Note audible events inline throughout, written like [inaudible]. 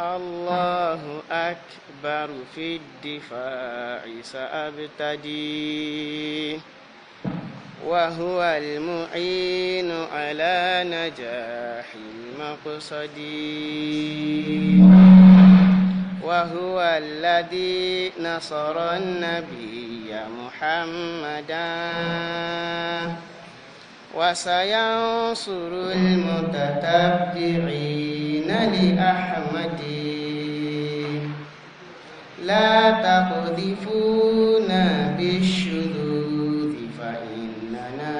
الله أكبر في الدفاع سأبتدي وهو المعين على نجاح المقصد وهو الذي نصر النبي محمدا وسينصر المتتبعين لأحمد لا تقذفونا بالشذوذ فإننا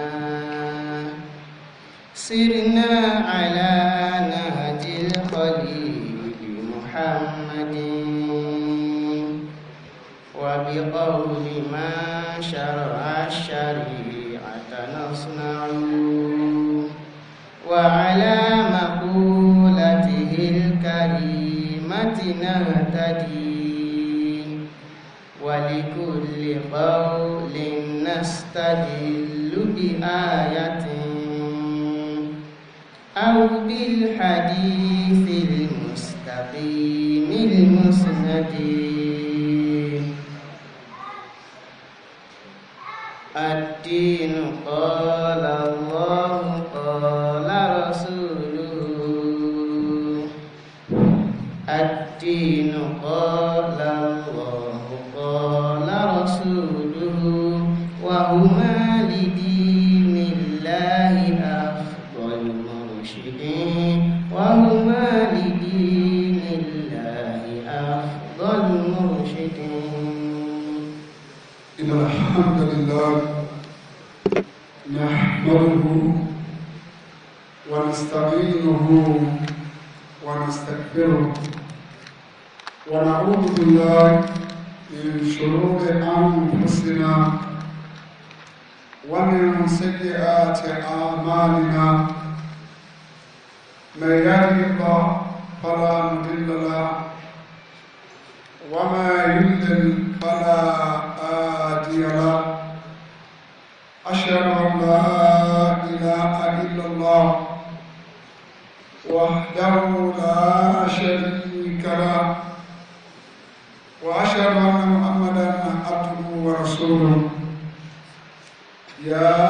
سرنا على نهج الخليل محمد وبقول ما شرع الشريعة نصنع وعلى نهتدي ولكل قول نستدل بآية أو بالحديث المستقيم المسلم Lord.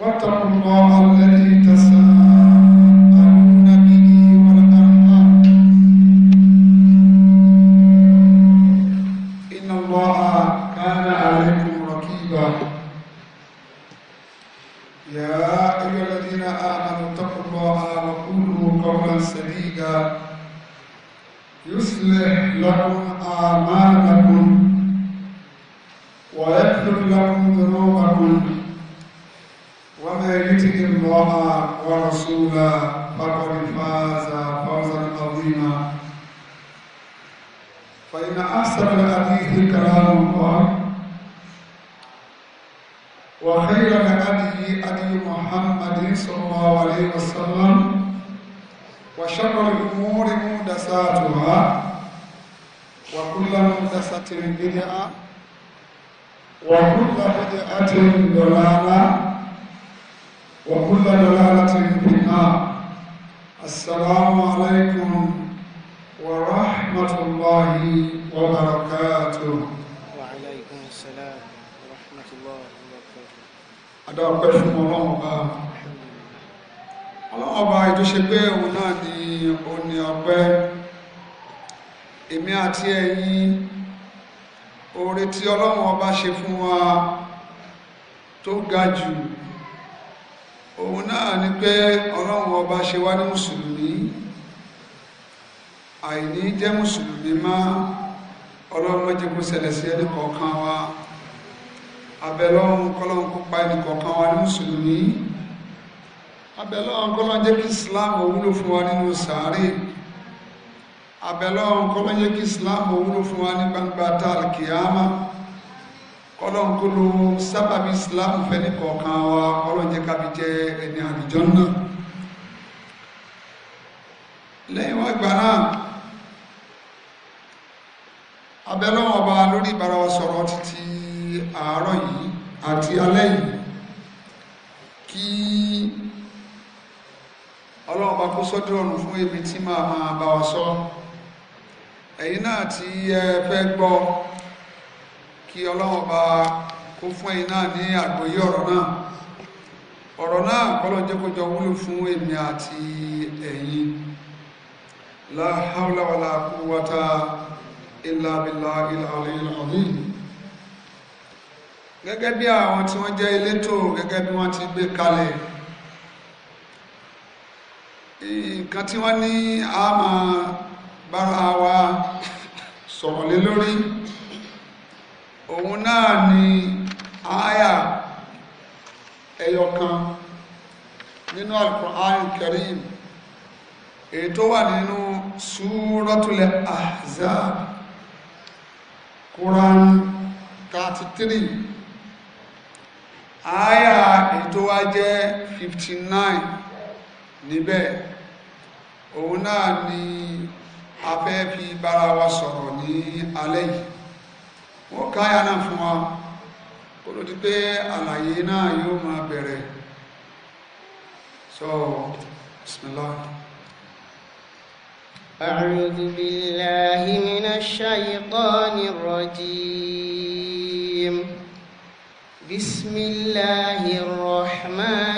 واتقوا الله الذي به إن الله كان عليكم يا أيها الذين آمنوا اتقوا الله وقولوا قولا سديدا يصلح لكم أعمالكم ìsìláàmù fẹ́ni kọ̀ọ̀kan wa ọlọ́njẹ́ kábi jẹ́ ẹni àbíjọ́ náà lẹ́yìn wọ́n gbà náà abẹ́lọ́wọ́ ọba lórí ìbára wa sọ̀rọ̀ títí àárọ̀ yìí àti alẹ́ yìí kí ọlọ́run bá kó sọ́dọ̀ ọ̀run fún èmi tí máa máa bá wa sọ ẹ̀yin náà tí ẹ fẹ́ gbọ́ kí ọlọ́run bá kó fún ẹ̀yin náà ní àgbọ́yé ọ̀rọ̀ náà ọ̀rọ̀ náà kọ́lọ́jẹ́ kó jọ wúlò fún èmi àti ẹ̀yin la hawla wala quwwata illa billahil aliyyil azim gẹ́gẹ́ bí àwọn tí wọ́n jẹ́ elétò gẹ́gẹ́ nǹkan tí wọ́n ní a máa bára wa sọ̀rọ̀ lé lórí òun náà ni àyà ẹyọkan nínú Al-Qur'an Karim èyí tó wà nínú Suratul Ahzab Quran 33 àyà èyí tó wá jẹ́ 59 níbẹ̀ òun náà ni a fẹ́ fi bára wa sọ̀rọ̀ ní alẹ́ yìí wọ́n káyà náà fún wa kó ló ti pé àlàyé náà yóò máa bẹ̀rẹ̀ so bismillah. أعوذ بالله من الشيطان الرجيم بسم الله الرحمن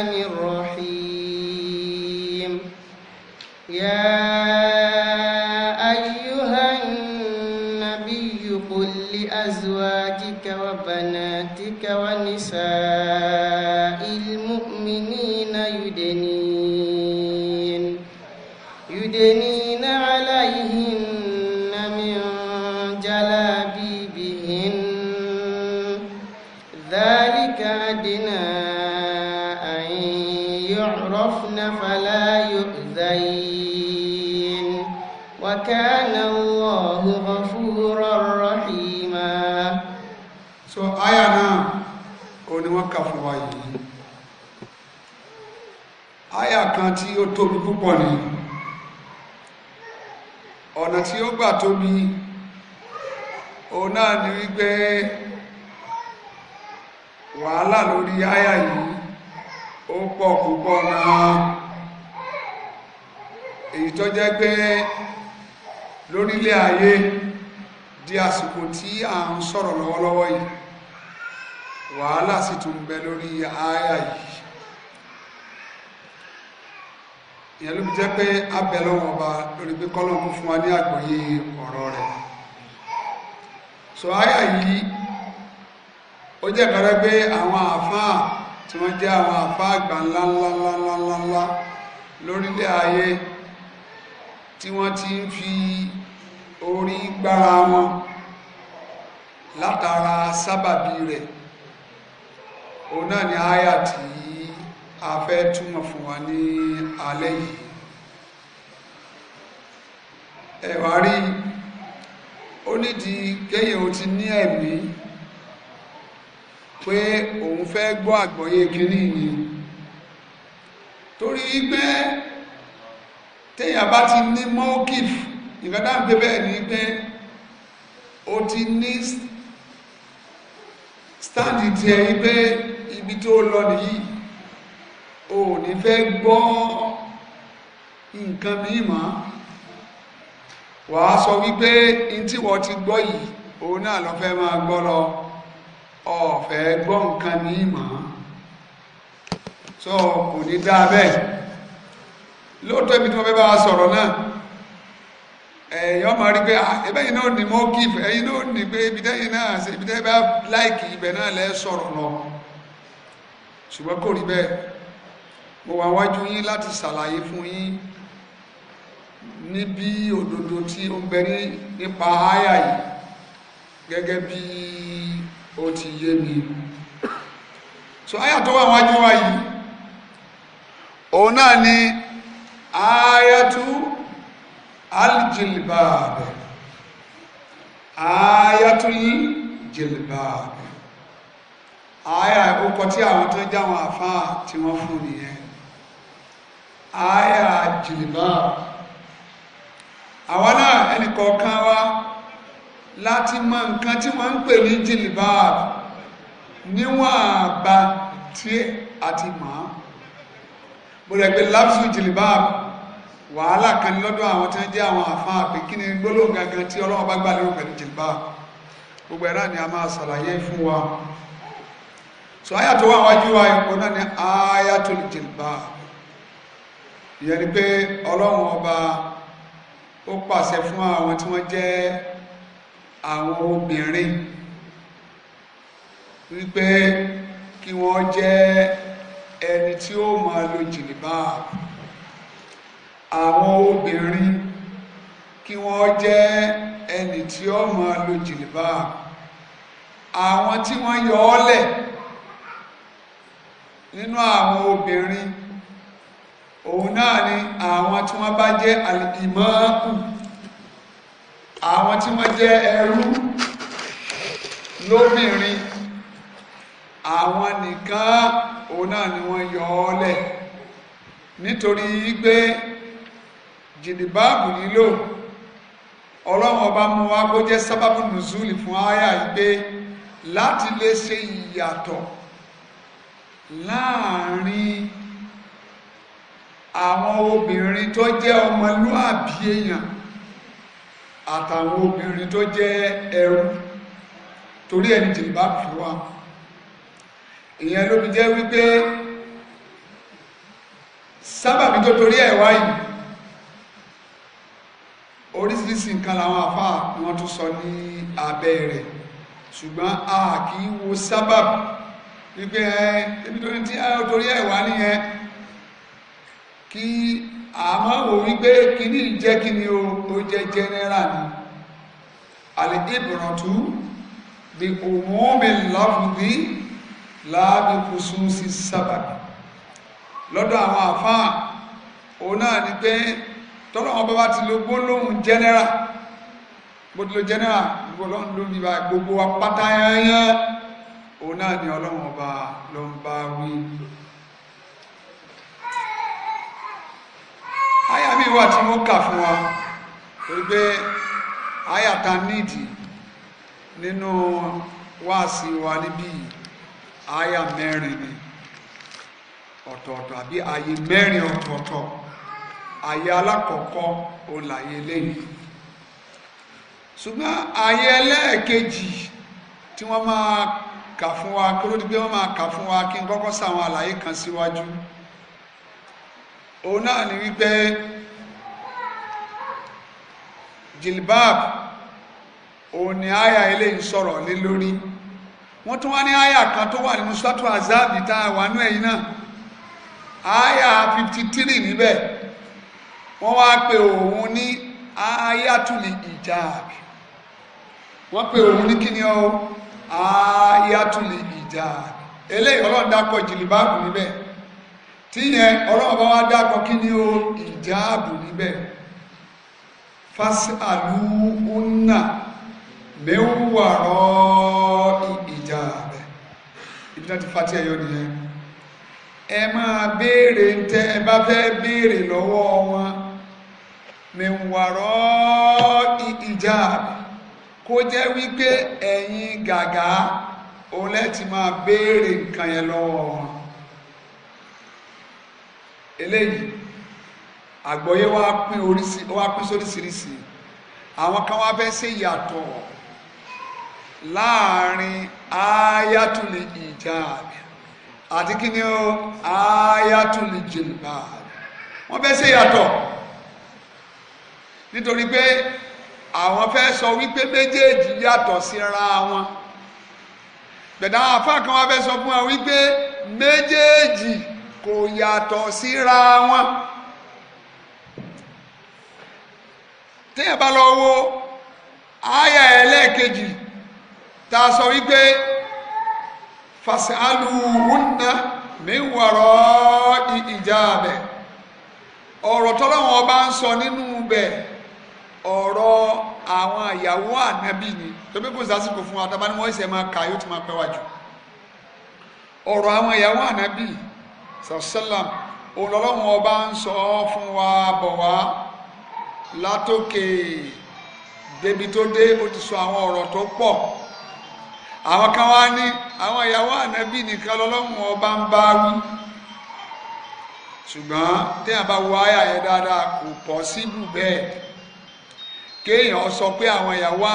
kan tí ó tóbi púpọ̀ ni ọ̀nà tí ó gbà tóbi òun náà ni wípé wàhálà lórí àyà yìí ó pọ̀ púpọ̀ náà èyí tó jẹ́ pé lórílẹ̀ ayé di àsìkò tí à ń sọ̀rọ̀ lọ́wọ́lọ́wọ́ yìí wàhálà sì tún bẹ lórí àyà yìí ìyẹn ló fi jẹ́ pé abẹ lọ́wọ́ ọba lórí pé kọ́lọ́mù fún wa ní àgbọ́yé ọ̀rọ̀ rẹ̀ so àyà yìí ó jẹ́ kára pé àwọn àfáà tí wọ́n jẹ́ àwọn àfáà àgbà ńláńláńláńláńlá lórílẹ̀ ayé tí wọ́n ti ń fi orí gbára wọn látara sábàbí rẹ̀ òun náà ni àyà tí a fẹ́ túmọ̀ fún wa ní alẹ́ yìí ẹ̀wà rí ó nídìí kéèyàn ó ti ní ẹ̀mí pé òun fẹ́ gbọ́ àgbọ́yé kínní yìí torí wípé téèyàn bá ti ní mọ́ọ́kìf ìfẹ́dá ń gbé bẹ́ẹ̀ ni pé ó ti ní stáǹdì tiẹ̀ wípé ibi tó lọ nìyí o ò ní fẹ́ gbọ́ nǹkan míì mọ́ wàá sọ wípé n tí wọ́n ti gbọ́ yìí òun náà lọ fẹ́ máa gbọ́ lọ ọ̀fẹ́ gbọ́ nǹkan míì mọ́ sọ kò ní dáa bẹ́ẹ̀ lóòótọ́ ibi tí wọ́n fẹ́ bá wa sọ̀rọ̀ náà ẹ̀yọ́ máa rí pé ẹbẹ́yìn náà ní mọ́ kí ìfẹ́ ẹ̀yìn náà ní pé ibi tẹ́yìn náà ṣe ibi tẹ́yìn bá láìkì ibẹ̀ náà lẹ́ sọ̀rọ̀ lọ ṣùgbọ́n kò rí bẹ́ẹ̀ mo wà wájú yín láti ṣàlàyé fún yín níbi òdodo tí ó ń bẹ ní nípa àyà yìí gẹ́gẹ́ bí ó ti yé mi so àyà tó wà wájú wa yìí òun náà ni ayatu aljilbab ayatul jilbab àyà ìkókọ tí àwọn tó jáwọn àfáà tí wọ́n fún nìyẹn àyà jìlìbà àwa náà ẹnìkọ̀ọ̀kan wa láti mọ nǹkan tí wọ́n ń pè ní jìlìbà níwọ̀n àgbà tí a ti mọ̀ ọ́ mo rẹ̀ pé lápsù jìlìbà wàhálà kan ní lọ́dọ̀ àwọn tí wọ́n jẹ́ àwọn àfáà pé kí ni gbólóhùn gangan tí ọlọ́run bá gbà lérò pẹ̀lú jìlìbà gbogbo ẹ̀ náà ni a máa ṣàlàyé fún wa so àyà tó wà wájú wa ipò náà ni ayatul jilbab ìyẹn ni pé ọlọ́run ọba ó pàṣẹ fún àwọn tí wọ́n jẹ́ àwọn obìnrin wípé kí wọ́n jẹ́ ẹni tí ó máa lo jìlìbáà àwọn obìnrin kí wọ́n jẹ́ ẹni tí ó máa lo jìlìbáà àwọn tí wọ́n yọ ọ́ lẹ̀ nínú àwọn obìnrin òun náà ni àwọn tí wọ́n bá jẹ́ alìmọ́ọ̀kù àwọn tí wọ́n jẹ́ ẹrú lóbìnrin àwọn nìkan òun náà ni wọ́n yọ ọ́ lẹ̀ nítorí pé jìdìbáàbù nílò ọlọ́run ọba mú wa kó jẹ́ sábàbù nùzúlì fún àyà yìí láti lè ṣe ìyàtọ̀ láàrin àwọn obìnrin tó jẹ́ ọmọlúàbí èèyàn àtàwọn obìnrin tó jẹ́ ẹrú torí ẹni jìlìbá fi wá ìyẹn ló fi jẹ́ wípé sábàbí tó torí ẹ̀ wáyìí oríṣiríṣi nǹkan làwọn àfáà wọn tún sọ ní abẹ́ rẹ̀ ṣùgbọ́n a kì í wo sábàbí wípé ẹ ibi tó ní tí a torí ẹ̀ wá nìyẹn kí àmọ́ wò wípé kíní jẹ́ kíní o tó jẹ́ jẹ́nẹ́rà ni àlè ìbùrọ̀tú bí kò mú mi lọ́fùdí láàbí kùsù sí sábàbí lọ́dọ̀ àwọn àfáà o náà ni pé tọ́lọ̀ wọn bá wá ti lo gbólóhùn jẹ́nẹ́rà gbódúlò jẹ́nẹ́rà gbólóhùn ló bí gbogbo apátáyányán òun náà ni ọlọ́run ọba ló ń bá wí míì wà tí wọ́n kà fún wa pé àyàtà nídìí nínú wáàsí wa níbí àyà mẹ́rin ni ọ̀tọ̀ọ̀tọ̀ àbí àyè mẹ́rin ọ̀tọ̀ọ̀tọ̀ àyè alákọ̀ọ́kọ́ òun làyè lẹ́yìn ṣùgbọ́n àyè ẹlẹ́ẹ̀kejì tí wọ́n máa kà fún wa kí ló dé pé wọ́n máa kà fún wa kí n kọ́kọ́ sàwọn àlàyé kan síwájú òun náà ni wípé jilbab òun ni àyà ilé ń sọ̀rọ̀ lé lórí wọ́n tún wá ní àyà kan tó wà nínú sọ́tò azabi tá a wà nú ẹ̀yìn náà àyà fifty three níbẹ̀ wọ́n wá pe òun ní ayatuli ìjàbí wọ́n pe òun ní kíni o ayatuli ìjàbí eléyìí ọlọ́run dákọ̀ jìlìbáàbù níbẹ̀ tíyẹn ọlọ́run bá wá dákọ̀ kíni o ìjàbù níbẹ̀ fásàlùúnà mẹ́wàárọ̀ ìjà rẹ̀ ibi náà ti fa tí ẹ yọ nìyẹn ẹ máa béèrè tẹ ẹ bá fẹ́ béèrè lọ́wọ́ wọn mẹ́wàárọ̀ ìjà rẹ̀ kó jẹ́ wípé ẹ̀yin gàgà òun máa béèrè nǹkan yẹn lọ́wọ́ wọn eléyìí àgbọ́yé wa pín oríṣi wa pín sóríṣiríṣi àwọn kan wá fẹ́ ṣe yàtọ̀ láàrin ayatollah ijab àti kí ni ó ayatollah jilbab wọ́n fẹ́ ṣe yàtọ̀ nítorí pé àwọn fẹ́ sọ wípé méjèèjì yàtọ̀ síra wọn gbẹ̀dá àfáà kan wá fẹ́ sọ fún wa wípé méjèèjì kò yàtọ̀ síra wọn. téèyàn bá lọ wo ẹlẹ́ẹ̀kejì tá sọ wípé fàṣàlù húnna ìjà bẹ̀ ọ̀rọ̀ tọ́lọ́wọ́n bá ń sọ nínú bẹ̀ ọ̀rọ̀ àwọn ìyàwó ànábì ni tóbi kò sásìkò fún wa tábà ní wọ́n ṣe máa kà yóò ti máa pẹ́ wájú ọ̀rọ̀ àwọn ọba ń fún wa bọ̀ látòkè débi tó dé ó ti sọ àwọn ọ̀rọ̀ tó pọ̀ àwọn kan wá ní àwọn ìyàwó ànábì nìkan lọ́lọ́run ọba ń bá wí ṣùgbọ́n téèyàn bá wo àyà yẹn dáadáa kò pọ̀ síbù bẹ́ẹ̀ kéèyàn sọ pé àwọn ìyàwó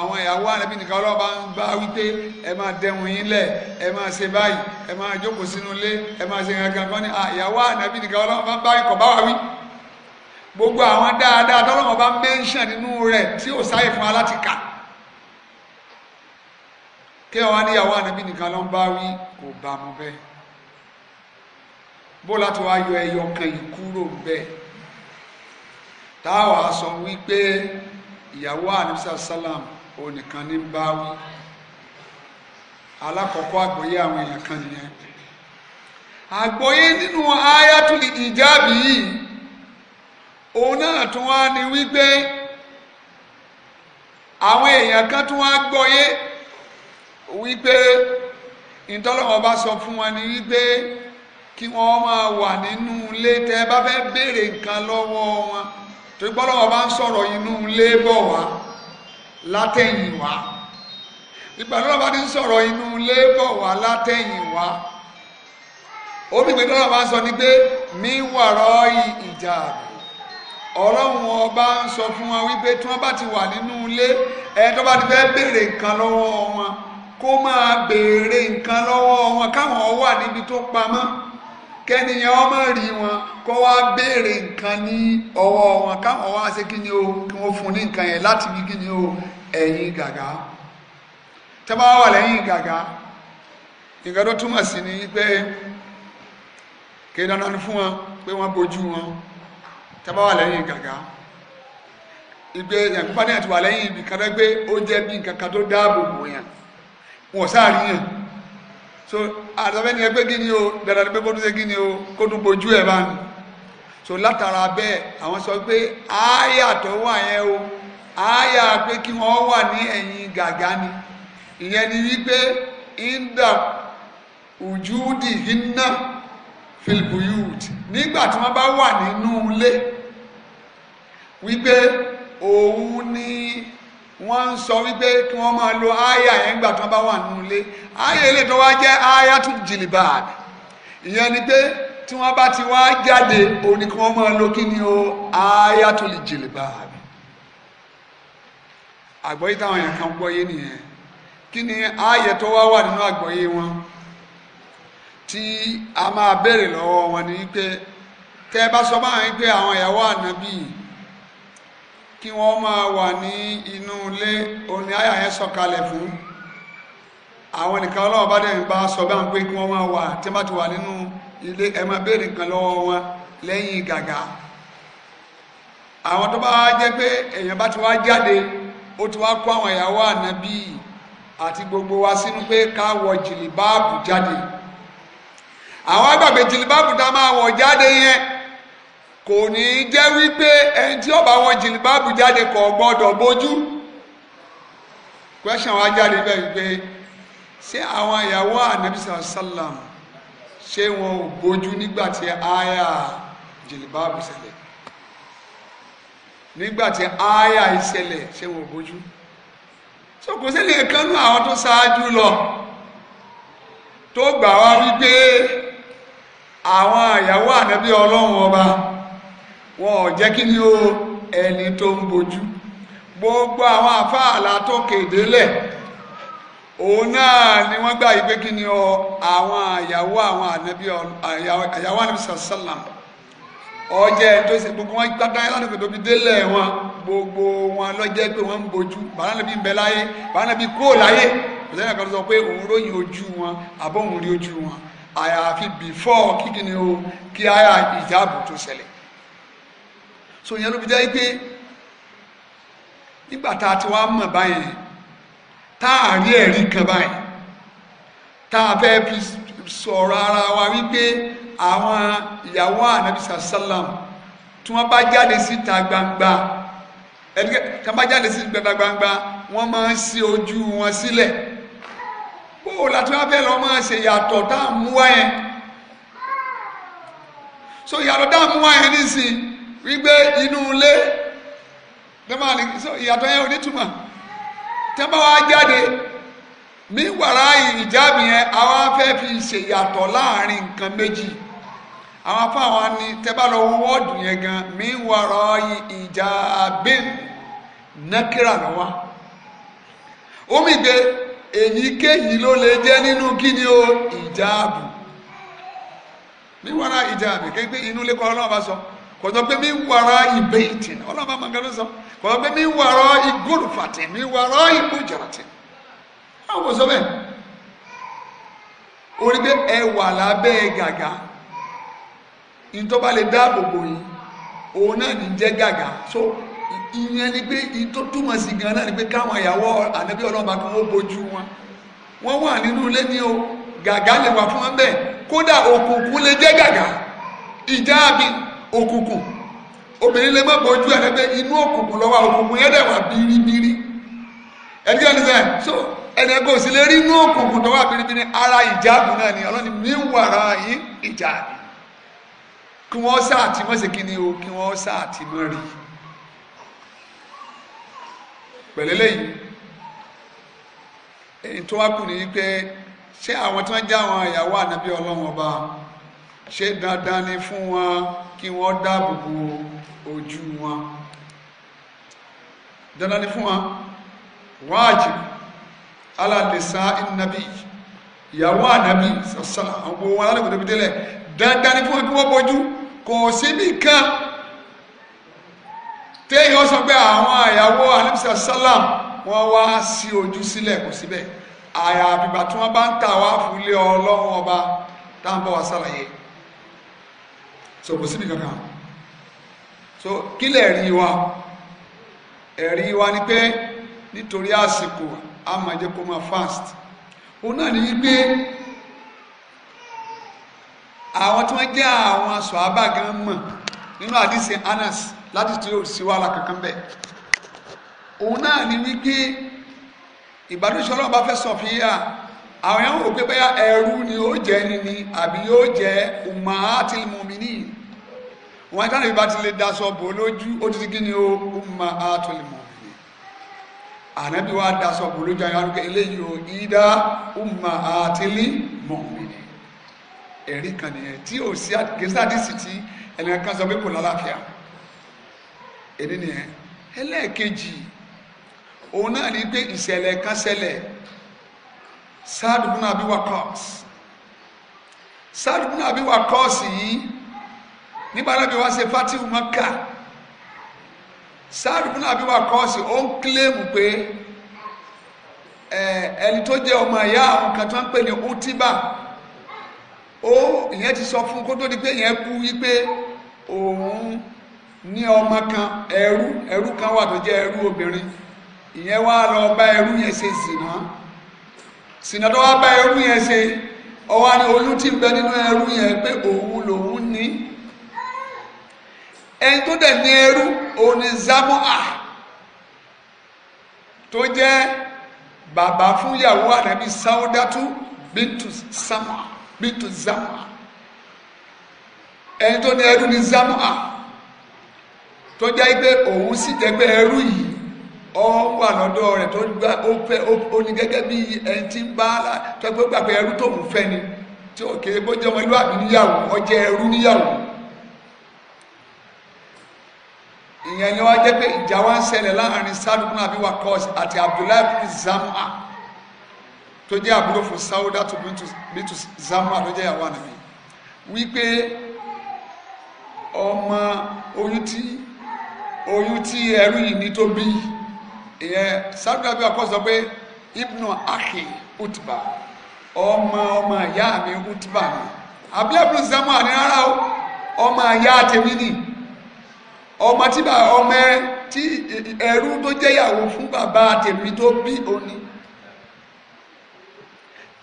àwọn ìyàwó ànábì nìkan ọlọ́run bá ń bá wípé ẹ máa dẹ̀wọ̀n yín lẹ̀ ẹ máa ṣe báyìí ẹ máa jókòó sínú ilé ẹ máa ṣe gangan kan ní ìyàwó ànábì nìkan ọlọ́run bá ń bá ikọ̀ bá wí gbogbo àwọn dáadáa tọ́lọ́wọ́n bá mẹ́ńṣàn nínú rẹ̀ tí ò sáyè fún aláti kà kí wọn níyàwó ànábì nìkan ló ń bá wí kò bá mu bẹ́ẹ̀ bó láti wá yọ ẹyọ kan yìí kúrò bẹ́ẹ̀ táwa sọ wípé ìyàwó ànábìsà sálàm onìkan ní bá wí alákọ̀ọ́kọ́ àgbọ́yé àwọn èèyàn kan nìyẹn àgbọ́yé nínú ayatul ìjáàbì yìí òun náà tún wá ní wípé àwọn èèyàn kan tún wá gbọ́yé wípé ìtọ́lọ́wọ́ bá sọ fún wọn ní wípé kí wọ́n máa wà nínú ilé tẹ́ bá fẹ́ béèrè nǹkan lọ́wọ́ wọn torí gbọ́lọ́wọ́ bá ń sọ̀rọ̀ inú ilé bọ̀ wá látẹ̀yìn wá ìgbàlọ́wọ́ bá ti ń sọ̀rọ̀ inú ilé bọ̀ wá látẹ̀yìn wá omi ìgbẹ́dọ́lọ́wọ́ bá sọ ni pé mi wàrọ̀ ìjà àbí. ọlọ́run ọba ń sọ fún wọn wípé tí wọ́n bá ti wà nínú ilé ẹ tó bá ti fẹ́ bèèrè nǹkan lọ́wọ́ wọn kó máa béèrè nǹkan lọ́wọ́ wọn káwọn wà níbi tó rí wọn kó wá ní ọwọ́ ni o kí wọ́n fún ní nǹkan yẹn láti kí ni o ẹ̀yìn tẹ́ bá wà lẹ́yìn nǹkan tó túmọ̀ sí ni pé kí dandan fún wọn pé wọn. tẹ́bá wà lẹ́yìn gàgá ìgbé yẹn pípa náà ti wà lẹ́yìn ibi kan gbé ó jẹ́ bí nǹkan kan tó dáàbò bò yẹn wọn sáàrí yẹn so àtàwọn ẹni ẹgbẹ́ gíní o dandan pé kótó ṣe gíní o kótó gbojú ẹ̀ bá ní so látara bẹ́ẹ̀ àwọn sọ pé àáyà tó wà yẹn o àáyà pé kí wọ́n wà ní ẹ̀yìn gàgá ni ìyẹn ni wípé inda ujúdi hinna filbuyut nígbà tí wọ́n bá wà nínú ilé wípé òun ni wọ́n ń sọ wípé kí wọ́n máa lo aya yẹn gbà tí wọ́n bá wà nínú ilé aya ilé tó wá jẹ́ aya tún jìlìbàd ìyẹn ni pé tí wọ́n bá ti wá jáde òun ni kí wọ́n máa lo kí ni o aya tún lè jìlìbàd àgbọ́yé táwọn èèyàn kan gbọ́yé nìyẹn kí ni aya tó wá wà nínú àgbọ́yé wọn tí a máa béèrè lọ́wọ́ wọn ni wípé tẹ́ ẹ bá sọ báwọn wípé àwọn ìyàwó ànábì yìí kí wọ́n máa wà ní inú ilé òní àyà yẹn sọ̀kalẹ̀ fún àwọn nìkan ọlọ́wọ́ bá dẹ̀ sọ bá ń pé kí wọ́n máa wà tí wọ́n bá ti wà nínú ilé ẹ máa béèrè kan lọ́wọ́ wọn lẹ́yìn gàgà àwọn tó bá jẹ́ pé èèyàn bá ti wá jáde gbogbo wa sínú pé wọ jìlìbáàbù jáde àwọn àgbàgbé jìlìbáàbù tá a wọ jáde yẹn kò ní í jẹ́ wípé ẹni tí ọba wọn jìlìbáàbù jáde kò gbọ́dọ̀ bójú question wa jáde bẹ́ẹ̀ wípé ṣé àwọn ìyàwó ànábìsà sálàm ṣé wọn ò bójú nígbà tí aya jìlìbáàbù ṣẹlẹ̀ nígbà tí aya ìṣẹlẹ̀ ṣé wọn ò bójú so kò sẹ́lẹ̀ kan nú àwọn tó ṣáájú lọ tó gbà wá wípé àwọn ìyàwó ànábì ọlọ́run ọba wọn ò jẹ́ kí ni ó ẹni tó ń bojú gbogbo àwọn àfáàlà tó kéde lẹ̀ òun náà ni wọ́n gbà yìí pé kí ni ọ àwọn àyàwó àwọn ànábì àyàwó ànábì sàlám ọjẹ tó ṣe gbogbo wọn gbàgbà yẹn lánàá tó fi délẹ̀ wọn gbogbo wọn lọjẹ pé wọn ń bojú bàbá náà bí ń bẹ láyé bàbá náà bí kúrò láyé ọ̀sẹ̀ náà kan sọ pé òun ròyìn ojú wọn àbọ̀ òun rí ojú wọn àyàfi bìfọ́ kíkí ni o kí àyà ìjáàbù tó ṣẹlẹ̀ so ìyẹn ló fi jẹ́ pé nígbà tá a ti wá mọ̀ báyẹn tá a rí ẹ̀rí kan báyẹn tá a fẹ́ fi sọ̀rọ̀ ara wa wípé àwọn ìyàwó ànábìsà sálàm tí wọ́n bá jáde síta gbangba ẹ̀dígẹ́ tí wọ́n bá jáde síta gbangba wọ́n máa ń ṣí ojú wọn sílẹ̀ bóò láti wá fẹ́ lọ́ọ́ máa ṣe yàtọ̀ tá a mú wáyẹn so yàtọ̀ tá a mú wáyẹn nísìnyí wípé inú ilé dẹ́màlì ìyàtọ̀ yẹn onítùmọ̀ tẹ́ bá wá jáde ní wàrà ìjáàbì yẹn àwọn afẹ́ fi ṣèyàtọ̀ láàrin nǹkan méjì àwọn afọ àwọn ni tẹ́ bá lọ wọ wọ́ọ̀dù yẹn gan mí wàrà ìjáàbì nàkírà lọ́wọ́ omi gbé èyíkéyìí ló lè jẹ́ nínú kíni o ìjáàbù ní wàrà ìjáàbì kékeré inú ilé kọ́ ọlọ́run bá sọ. So kọ̀tọ̀ pé mi wàrà ìbẹ́ ìtìn ọlọ́mọ màgá ló sọ kọ̀tọ̀ pé mi wàrà ìgòlùfàtì mi wàrà ìbújàtì àwọn sọ bẹ́ẹ̀ orí pé ẹ wà lábẹ́ gàgà ìtọ́ba lè dáàbò bò yín òun náà ní jẹ́ gàgà so ìyẹn ni pé ìtọ́ túmọ̀ sí gan náà ni pé káwọn ìyàwó ànábí ọlọ́mọba kí wọ́n bójú wọn wọ́n wà nínú ilé ní o gàgà lè wà fún wọn bẹ́ẹ̀ kódà òkùnkùn lè jẹ́ gàgà ìjáàbí òkùnkùn obìnrin lè má bójú ẹ̀ pé inú òkùnkùn lọ́wọ́ òkùnkùn yẹn dẹ̀ wà bìrìbìrì ẹni tí wọ́n ti sẹ́ so ẹni ẹgbẹ́ òsì lè rí inú òkùnkùn tó wà bìrìbìrì ara ìjáàbù náà ni ọlọ́ni mi wàrà yín ìjáàbù kí wọ́n sáà tí wọ́n ṣe kí ni o kí wọ́n sáà tí wọ́n rí pẹ̀lẹ́ lẹ́yìn èyí tó wá kù ní wípé ṣé àwọn tí wọ́n já àwọn ìyàwó ànábí ọlọ́run ọba ṣé dandan ni fún wọn kí wọ́n dáàbò bo ojú wọn dandan ni fún wa wáàjì alàdèsá ìnàbí ìyàwó ànàbí sàṣà àwọn ohun alálẹ́gbẹ̀dẹ́ bi délẹ̀ dandan ni fún wa kí wọ́n bójú kò síbi kan téèyàn sọ pé àwọn àyàwó ànàbí sàṣàlám wọ́n wá sí ojú sílẹ̀ kò síbẹ̀ àyàbìgbà tí wọ́n bá ń tà wá fúlé ọlọ́run ọba táwọn bá wa sàlàyé so kò síbi kankan so kílẹ̀ ẹ̀rí wa ẹ̀rí wa ni pé nítorí àsìkò a máa jẹ́ kó máa fast òun náà ní wípé àwọn tí wọ́n jẹ́ àwọn sọ̀hábà gan mọ̀ nínú àdìsí Anas láti tí yóò sí wàhálà kankan bẹ́ẹ̀ òun náà ní wípé ìbádọ́sọ́lọ́wọ́ bá fẹ́ sọ àwọn èèyàn wò pé bẹ́ẹ̀ ẹrú ni ó jẹ́ nini àbí yóò jẹ́ ummahatil mu'minin wọn táwọn ìbá ti lè daṣọ bò lójú ó ti kí ni ó ummahatul mu'minin ànábì wa daṣọ bò lójú àwọn arúgbó eléyìí ó ìdá ummahatil mu'minin ẹ̀rí kan nìyẹn tí ò sí gẹ́sà tí ẹnìkan kan sọ pé kò lálàáfíà èdè nìyẹn ẹlẹ́ẹ̀kejì òun náà ní pé ìṣẹ̀lẹ̀ kan ṣẹlẹ̀ Saad ibn kọọsị Waqqas Saad ibn Abi Waqqas yìí nígbà bí ṣe ó ń pé eh, ẹni tó ọmọ àwọn kan tó ń pè ní utiba ó ìyẹn ti sọ kan ẹrú ẹrú kan wà tó ẹrú obìnrin ìyẹn lọ bá ẹrú yẹn sinadọ́ wa bá ẹrú yẹn ṣe ọwọ́ ni oyún ti ń bẹ nínú ẹrú yẹn pé òun lòun ní ẹni tó dẹ̀ ní ẹrú òun ni zamoa tó jẹ́ bàbá fún ìyàwó ànábi sáwọ́dátú bíntu zamoa ẹni tó ní ẹrú ni zamoa tó jẹ́ pé òun sì jẹ́ pé ẹrú yìí ọ wà lọ́dọ̀ rẹ̀ tó gbá ó fẹ́ ó ní gẹ́gẹ́ bí ẹni tí ń bá tó gbàgbé ẹrú tóun fẹ́ ni tí ò kéé bó jẹ́ ọmọ ìlú àbí níyàwó ọjẹ́ ẹrú níyàwó ìyẹn ni wọ́n jẹ́ pé ìjà wa ń ṣẹlẹ̀ láàrin sadukun àbí wakọ́s àti abdullahi bin zama tó jẹ́ àbúrò fún to tó bintu zama tó jẹ́ ìyàwó ànàbí wípé ọmọ oyún tí oyún tí ẹrú yìí ní tó bí yìí ìyẹn sábà bí ọkọ sọ pé ibnu ahi utba ọmọ ọmọ ìyá mi utba ni abiyabu zamu àní rárá o ọmọ ìyá tèmi ọmọ tí ọmọ tí ẹrú tó jẹyàwó fún bàbá tèmi tó bí òní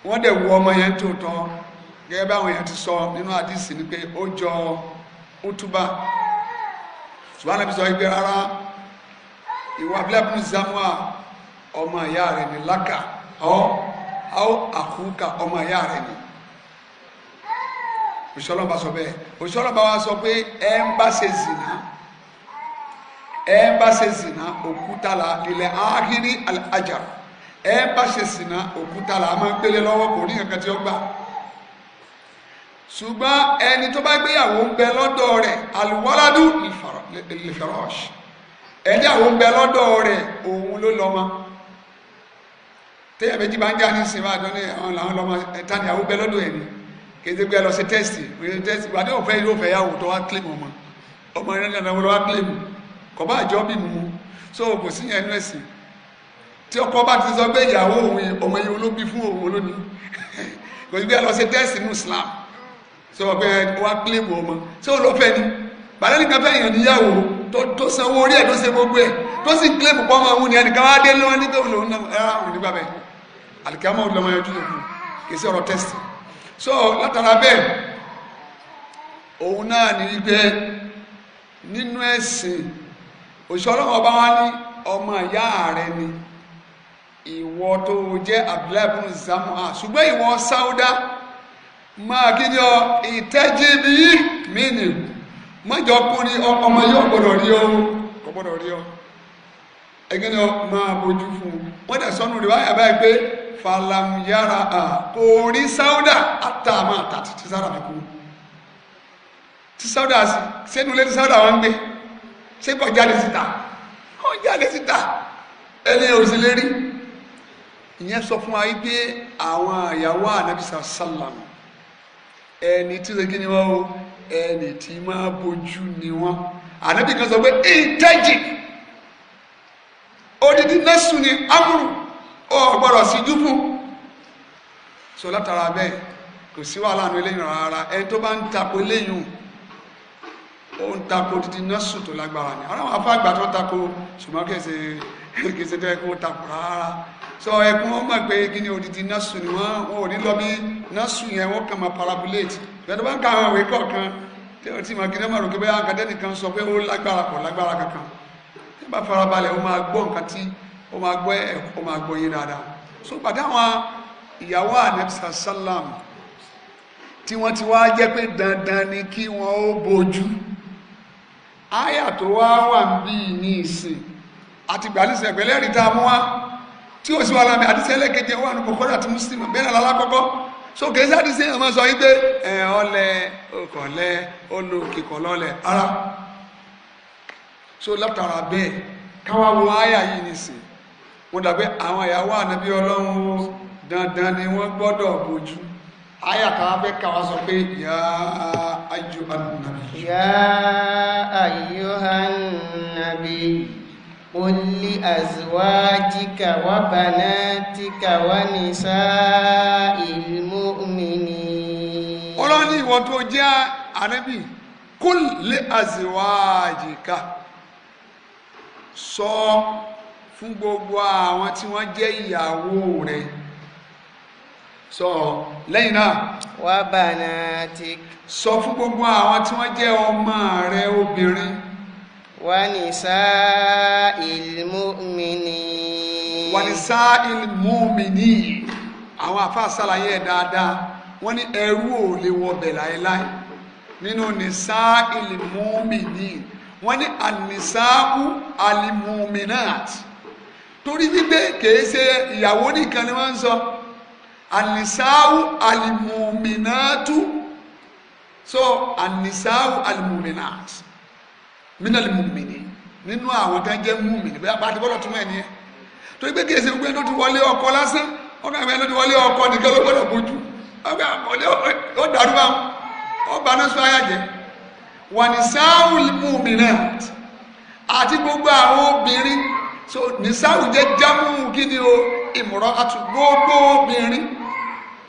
wọn ọmọ yẹn tó tán sọ nínú àdìsí ni pé ó jọ utba ìwà abúlébùn zamua ọmọ ìyá rẹ̀ ni laka, ọ àwọn àkúkà ọmọ ìyá rẹ̀ ni òṣìṣọ́lọ́ bá sọ bẹ́ẹ̀ òṣìṣọ́lọ́ bá wa sọ pé ẹ ń bá ṣe zìnà ẹ ń bá ṣe zìnà òkúta la lílẹ̀ áhírí àjà ẹ ń bá ṣe zìnà òkúta la máa ń gbélé lọ́wọ́ kò ní kankan tí ó gbà ṣùgbọ́n ẹni tó bá gbéyàwó ń bẹ lọ́dọ̀ rẹ̀ àlùwọ́ládù lè fẹ́ràn ọ̀ṣì ẹni àwọn ń bẹ lọ́dọ̀ rẹ̀ òun ló lọ́mọ téèyàn méjì bá ń jà ní sinmi àdán ní àwọn làwọn lọ́mọ ẹ̀ta ni àwọn ń bẹ lọ́dọ̀ ẹ̀ ni kéde pé ẹ lọ sí tẹ́sì pé tẹ́sì ìgbà tí òfẹ́ yóò fẹ́ yà wò tó wá kílèmù ọmọ ọmọ ẹ̀rọ náà so kò sí yẹn nú ẹ̀sìn [laughs] so ọ̀pẹ bàtà nìkan fẹ́ yàn níyàwó tó sanwó orí ẹ̀ tó ṣe gbogbo ẹ̀ tó sì kílẹ̀ púpọ̀ máa wù ní ẹnìkan wá dé lọ́wọ́ nígbà òun náà ẹ̀rọ òun nígbà bẹ́ẹ̀ àlìkámọ́ òun lọ́mọ yanjú yòókù kì í sí ọ̀rọ̀ test so látara bẹ́ẹ̀ òun náà ní wípé nínú ẹ̀sìn òṣìṣẹ́ ọlọ́run ọba wa ní ọmọ ìyá rẹ ni ìwọ tó jẹ́ abdullahi bin zamua ṣùgbọ́n ìwọ sáúdà máa kí ni ọ ìtẹ́jú bíi mí nìyí mọ́jọ kúrin ọmọ yóò gbọ́dọ̀ rí ọ kò gbọ́dọ̀ rí ọ ẹgbẹ́ ni máa bójú fún un wọ́n dẹ̀ sọ́nù rẹ̀ wáyà báyìí pé falamuyara a kò rí sáúdà àtàmà àtàtì tí sáúdà fi kú tí sáúdà sẹ́nu lé tí sáúdà wọn gbé ṣé kò jáde síta kò jáde síta ẹni ò sì lè rí ìyẹn sọ fún wa pé àwọn àyàwó ànábìsà sálàmù ẹni tí ó ṣe kí ni wọ́n o ẹni tí máa bójú ni wọ́n ànábì kan sọ pé ìtẹ́jì odidi nẹ́sùn ni amúrù ó sí dúpù so látara bẹ́ẹ̀ kò sí wàhálà nu eléyìí rárá ẹni tó bá ń tako eléyìí ó ń tako odidi nẹ́sùn tó lágbára ni àwọn afáàgbà tó tako ṣùgbọ́n kẹsẹ̀ kẹsẹ̀ tó yẹ kó tako rárá so ẹkún wọn mọ̀ pé kí ni odidi nẹ́sùn ni wọ́n ò ní lọ bí nẹ́sùn yẹn wọ́n kàn máa parabulate tẹ́tọ́ bá ń ka àwọn ìwé kọ̀ọ̀kan tí o ti mọ̀ kí lẹ́mọ̀ rògbé bóyá nǹkan tẹ́nìkan sọ pé ó lágbára pọ̀ lágbára kankan tí bá farabalẹ̀ ó máa gbọ́ nǹkan tí ó máa gbọ́ ẹ̀ ó máa gbọ́ yé dáadáa so gbàdá àwọn ìyàwó anabisa salam tí wọ́n ti wá jẹ́ pé dandan ni kí wọ́n ó bójú àyà tó wá wà ń bí ní ìsìn àti gbàlísìn ẹ̀pẹ̀lẹ́rìí tá a mú wá tí ó sì wà lámì àdìsẹ́lẹ̀kẹjẹ wà ní kòkòrò àti mùsùlùmí so kèésì àdìsí ẹ̀ máa sọ yí pé ẹ̀ ọlẹ ọkọ̀lẹ́ olùkìkọ̀lọ́lẹ̀ ara so látara bẹ́ẹ̀ káwá wo àyà yìí nìsín wọ́n dàgbé àwọn ìyàwó ànábí ọlọ́run ó dandan ni wọ́n gbọ́dọ̀ bójú àyà káwá fẹ́ káwá sọ pé yá ayò ànàbí. yá ayò ànàbí. قل لأزواجك وبناتك ونساء المؤمنين ọlọ́ni ìwọ tó jẹ́ ànábì kul li azwajika sọ fún gbogbo àwọn tí wọ́n jẹ́ ìyàwó rẹ̀ sọ lẹ́yìn náà wa banatik sọ fún gbogbo àwọn tí wọ́n jẹ́ ọmọ rẹ̀ obìnrin wanisa'il mu'minin. wanisa'il mu'minin àwọn àfa ṣàlàyé ẹ̀ dáadáa wọ́n ní ẹrú ò lè wọbẹ̀ láéláé nínú nisa'il mu'minin wọ́n ní anisa'u alimuminat torí wípé kìí ṣe ìyàwó nìkan ni wọ́n ń sọ anisa'u alimuminatu so anisa'u alimuminat mínàlì mùmìnì nínú àwọn kan jẹ́ mùmìnì bẹ́ẹ̀ bá ti bọ́lọ̀ tún ẹ̀ nìyẹn torí pé kìí ṣe gbogbo ẹni tó ti wọlé ọkọ lásán ọkọ àmì ẹni tó ti wọlé ọkọ nìkan ló gbọ́dọ̀ bójú ọkọ àmì ó dàrú bá ọba náà sọ ayájẹ wà ní sáwù mùmìnì àti gbogbo àwọn obìnrin so ní sáwù jẹ́ jámù kí ni o ìmọ̀ràn àti gbogbo obìnrin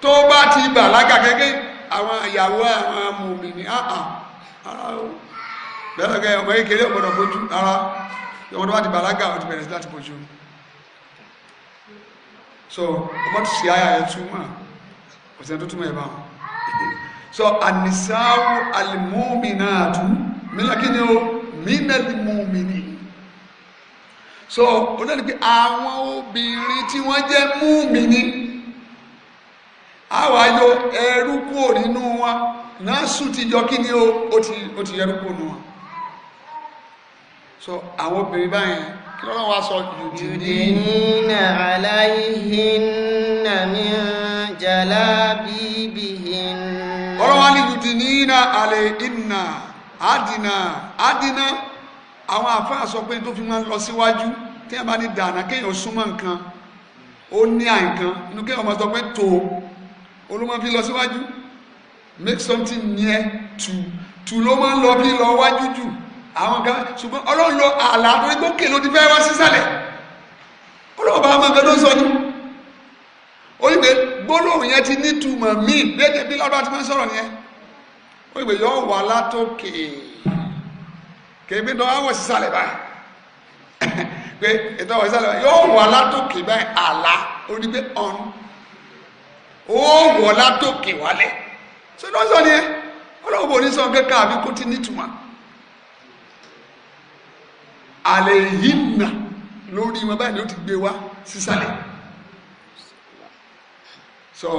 tó bá ti bàlágà gẹ́gẹ́ àwọn ìyàwó àwọn mùmìnì áhà ara o lọ́sọ̀kẹ́ ọmọ kékeré ọ̀gbọ́dọ̀ bójú rárá ọmọ tó bá ti bàlágà ó ti bẹ̀rẹ̀ sí láti bójú so ọmọ tó sì ayà ẹ̀ túmọ̀ ọ̀sẹ̀ tó túmọ̀ ẹ̀ bá [laughs] so ànisáwò alimúmìnàtú mílẹ̀ kí ni ó mímẹ́lìmúmìnì so ó dẹ́ni pé àwọn obìnrin tí wọ́n jẹ́ múmìnì àwọn ayò ẹrú kúrò nínú wọn náà sùn ti yọ kí ni ó ti yẹrú kúrò nínú wọn so àwọn obìnrin báyẹn kí lọ́nà wá sọ yudinina alayhinna min jalabibihin. ọ̀rọ̀ wa ni yudinina alayhinna adina adina àwọn àfáà sọ pé tó fi máa ń lọ síwájú tí a bá ní dànà kéèyàn súnmọ́ nǹkan ó ní àìkan inú kéèyàn máa sọ pé tó olómọ fi lọ síwájú make something near to to ló máa ń lọ bí lọ wájú jù àwọn kan ṣùgbọ́n ọlọ́run lọ ààlà àtúrí gbókè ló ti fẹ́ wá sísàlẹ̀ ọlọ́run bá wọn kan ló sọ ni ó yìí pé gbólóhùn yẹn ti nítumọ̀ míì gbẹ́dẹ̀ bí lọ́dọ̀ àti máa ń sọ̀rọ̀ yẹn ó yìí pé yọ wà látòkè kébí tó wá wọ̀ sísàlẹ̀ báyìí [coughs] pé ètò ọ̀wọ̀ sísàlẹ̀ báyìí yọ wà látòkè báyìí ààlà ó ní pé ọ̀n ó wọ̀ látòkè wálẹ̀ ṣé lọ́sọ̀ ni ẹ ọlọ́run bò ní sọ kẹ́kẹ́ àbí kó ti nítumọ̀ àlẹ́yìnà lórí wọn báyìí ló ti gbé wá sísàlẹ̀ so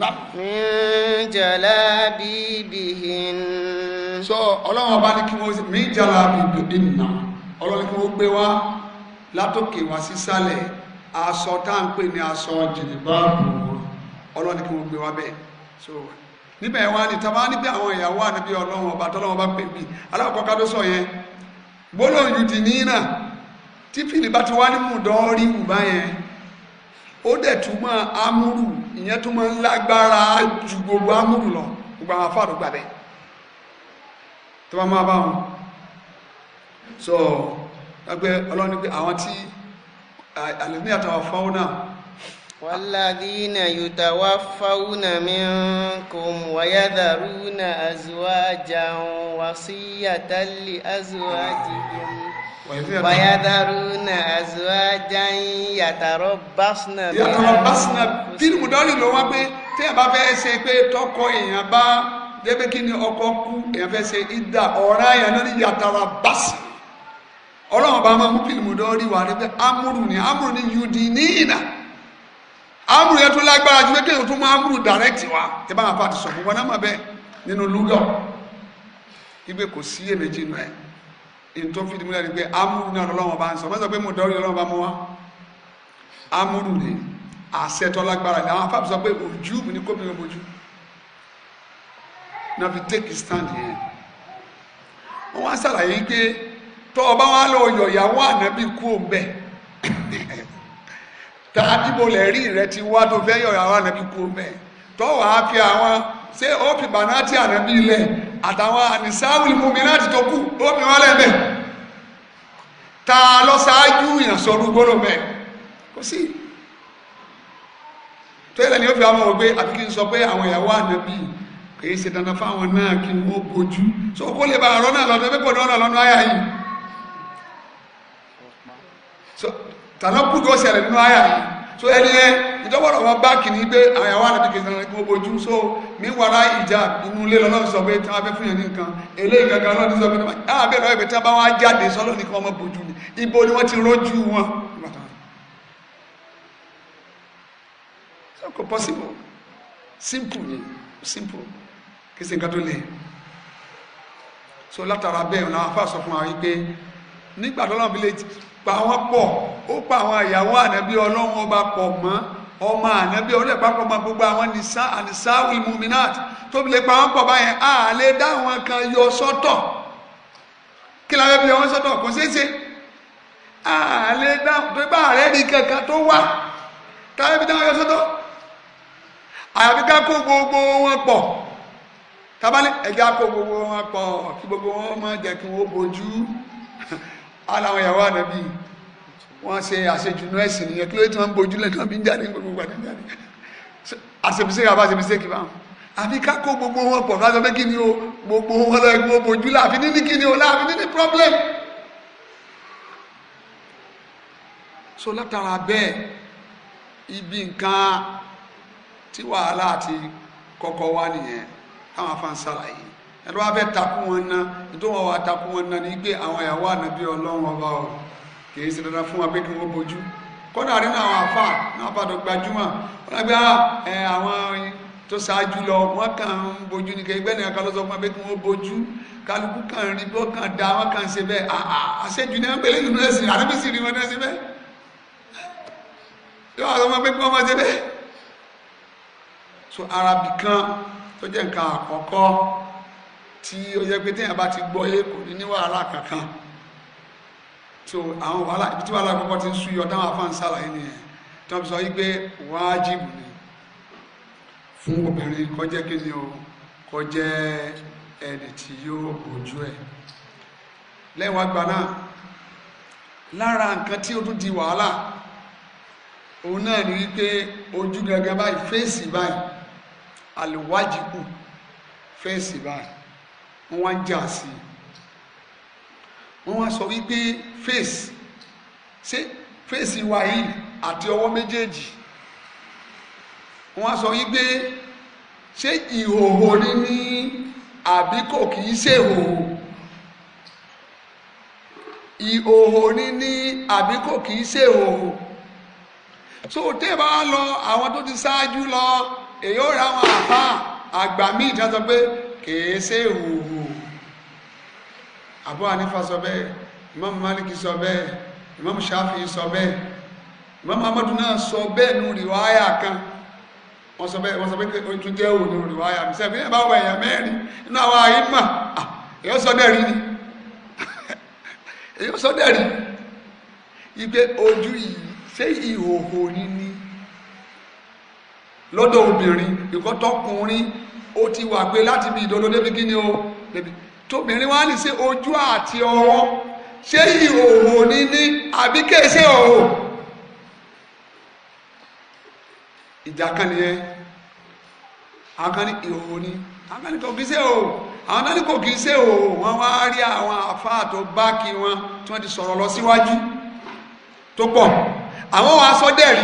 na. min jalabibihin. so ọlọ́run ọba ní kí wọ́n ṣe min jalabibihinna ọlọ́run kí wọ́n gbé wá látòkè wá sísàlẹ̀ aṣọ tá ní aṣọ jìnnìbáàbò ọlọ́run kí wọ́n gbé wá bẹ́ẹ̀ so níbẹ̀ wá ní tàbá níbi àwọn ìyàwó ànábì ọlọ́run ọba tọ́lọ́run ọba pè mí sọ yẹn gbólóhùn yìí ti níyìn náà tí fìlì bá ti wá ní mùdọ́rí ìwà yẹn ó dẹ̀ túmọ̀ amúrù ìyẹn tó máa ń lágbára ju gbogbo amúrù lọ gbogbo àwọn afáàdó gbà bẹ́ẹ̀ tó bá máa bá wọn sọ ẹgbẹ́ ọlọ́ni pé àwọn tí àlùmíyàtọ̀ àwọn náà والذين يتوفون منكم ويذرون أزواجا وصية لأزواجهم ويذرون أزواجا يتربصن يتربصن بالمدار لو wá pé tí ẹ bá fẹ́ ṣe pé tọkọ èèyàn bá débé kí ni ọkọ kú èèyàn fẹ́ ṣe ìdá ọ̀rá èèyàn náà ní yàtàrà bàṣà ọlọ́run bá máa mú bílùmùdọ́rì wà amúrù ni amúrù ni yudinina amúrù yẹn tó lágbára ju kékeré tó máa amúrù direct wa ẹ bá wọn bá ti sọ fún wọn náà máa bẹ nínú lúgọ igbe kò sí èméjì nù ẹ èyí tó fìdí múlẹ̀ ni pé amúrù náà lọ́wọ́ bá ń sọ wọ́n sọ pé mo dọ́rí ọlọ́wọ́ bá mú wa amúrù ni àṣẹ tó lágbára ni àwọn afáàbù sọ pé ojú mi ni kóbìnrin mojú náà fi take stand yẹn wọ́n wá ṣàlàyé pé tọ́ ọ bá wà lọ́ọ́ yọ̀ ìyàwó ànábì kú òun bẹ́ẹ̀ ta ibo lẹ̀ rí rẹ ti wá tó fẹ́ yọ àwọn ànábì kú mẹ́ tọ́wọ́ á fi àwọn ṣé ó fi bànáàtì ànábì lẹ̀ àtàwọn ànisáwìlì mumi láti tó kù ó fi wọ́n lẹ̀ mẹ́ ta lọ ṣáájú ìyànsọ́rú gbọ́dọ̀ mẹ́ kò sí tẹ́lẹ̀ ni ó fi àwọn òwe àti kí n sọ pé àwọn ìyàwó ànábì kìí ṣe dandan fáwọn náà kí wọ́n kojú so kó lè bá àrọ́ náà lọ́dọ̀ pé kò ní lọ́nà Tala kú tó ṣẹlẹ̀ nínú àyà yìí so ẹni yẹn ìdọ́wọ́rọ̀ wọn bá kì ní gbé àyàwó àdàbíkè sàn kí gbogbo so mi wàrà ìjà inú ilé lọ́nà sọ pé tí wọ́n fẹ́ fún yẹn ní nǹkan eléyìí gangan lọ́nà sọ pé náà ah, bẹ́ẹ̀ lọ́wọ́ ìgbẹ́ tí wọ́n bá wá jáde sọ́lọ́ nìkan ọmọ bojú ni ibo ni wọ́n ti rójú wọn. kò possible simple ni simple kì í nǹkan tó le so látara bẹ́ẹ̀ làwọn afáàsọ fún wa wípé nígbà tó lọ́nà pa wọ́n pọ̀ ó pa àwọn ìyàwó ànábí ọlọ́run ọba pọ̀ mọ́ ọmọ ànábí ọlọ́run ìpapọ̀ mọ́ gbogbo àwọn nìsa ànìsa wilmuminat tóbi lè pa wọ́n pọ̀ báyẹn a lè dá àwọn kan yọ sọ́tọ̀ kí la fẹ́ fi wọ́n sọ́tọ̀ kò ṣeé ṣe a lè dá tó bá ààrẹ rí kankan tó wá ká lè fi dá wọn yọ sọ́tọ̀ àyàfi ká kó gbogbo wọn pọ̀ tabali ẹ̀jẹ̀ á kó gbogbo wọn pọ̀ kí gbogbo wọn má jẹ́ kí aláwọn ìyàwó ànábì wọ́n ṣe àṣejùnú ẹ̀sìn nìyẹn kí ló tí wọ́n ń bojúlẹ̀ tí wọ́n fi ń jáde gbogbo gbàdé jáde àṣepisẹ́kì àbá àṣepisẹ́kì báwọn àfi kákó gbogbo wọn pọ̀ ká sọ pé kí ni o gbogbo wọn lọ ẹgbẹ́ bojúlẹ̀ àfi níní kí ni o láàfi níní problem. so látara bẹ́ẹ̀ ibi nǹkan tí wàhálà ti kọ́kọ́ wá nìyẹn táwọn afáǹsà láyé ẹni wàá fẹ́ takú wọn ná nítorí wọn wàá takú wọn ná ní pé àwọn ìyàwó ànábì ọlọ́run ọba o kì í ṣe dandan fún wa pé kí wọ́n bójú kódà nínú àwọn àfà náà bàdó gbajúmọ̀ wọn lọ gbé àwọn tó ṣáájú lọ wọn kàn ń bójú ní kẹgbẹ́ ní ẹ̀ka lọ́sọ̀ fún wa pé kí wọ́n bójú kálukú kàn rí bó kàn dá wọn kàn ṣe bẹ́ẹ̀ ah, ah, àṣejù ní wọn pèlè nínú ẹ̀sìn àdébí sì rí wọn náà ṣe bẹ́ẹ̀ yóò àwọn ọmọ pé kí wọ́n máa ṣe bẹ́ẹ̀ so arabi kan tó jẹ́ nǹkan àkọ́kọ́ tí ó yẹ pé téèyàn bá ti gbọ́ yé kò ní ní wàhálà kankan so àwọn wàhálà ibi tí wàhálà kọ́kọ́ ti ń súyọ táwọn afáàn ṣàlàyé nìyẹn tí wọ́n fi sọ wípé wájìbù ni fún obìnrin kọjẹ́ kí ni o kọjẹ́ ẹni tí yóò bójú ẹ̀ lẹ́wọ̀n àgbà náà lára nǹkan tí ó tún di wàhálà òun náà ni wípé ojú gangan báyìí fèsì báyìí àlùwájìbù fèsì báyìí wọ́n wá ń jà sí i wọ́n wá sọ wípé fèsì ṣé fèsì wa yìí àti ọwọ́ méjèèjì wọ́n wá sọ wípé ṣé ìhòòhò ni ní àbí kò kì í ṣèhòòhò ìhòòhò ni ní àbí kò kì í ṣèhòòhò so tẹ́ẹ̀ bá lọ àwọn tó ti ṣáájú lọ èyí ó ra àwọn àbá àgbà míì tí sọ pé kèé ṣe hùhù Abu Hanifa sọ bẹ́ẹ̀ Imam Malik sọ bẹ́ẹ̀ Imam Shafi sọ bẹ́ẹ̀ Imam Ahmadu náà sọ bẹ́ẹ̀ nù rìwáyà kan wọ́n sọ bẹ́ẹ̀ wọ́n sọ bẹ́ẹ̀ kí ojú jẹ́ òun nù rìwáyà mi sẹ́fẹ́ ẹ̀ bá wọ ẹ̀yà mẹ́rin inú àwọn àyè mà èyí sọ dẹ́rì ni [laughs] èyí sọ dẹ́rì ipe ojú yìí ṣé ìhòhò ni ni lọ́dọ̀ obìnrin ìkọ́tọ́kùnrin ó ti wà gbé láti bí ìdolo débi kí ni o débi tóbìnrin wa ní ṣe ojú àti ọwọ́ ṣé ìhòòhò ní ní àbí kéṣe òhò ìjà kan nìyẹn àwọn kan ní ìhòòhò ní àwọn kan ní kò kí ṣe òhò àwọn náà ní kò kí ṣe òhò wọn wá rí àwọn àfáà tó bá kí wọn tí wọn ti sọ̀rọ̀ lọ síwájú tó pọ̀ àwọn wa sọ dẹ̀rí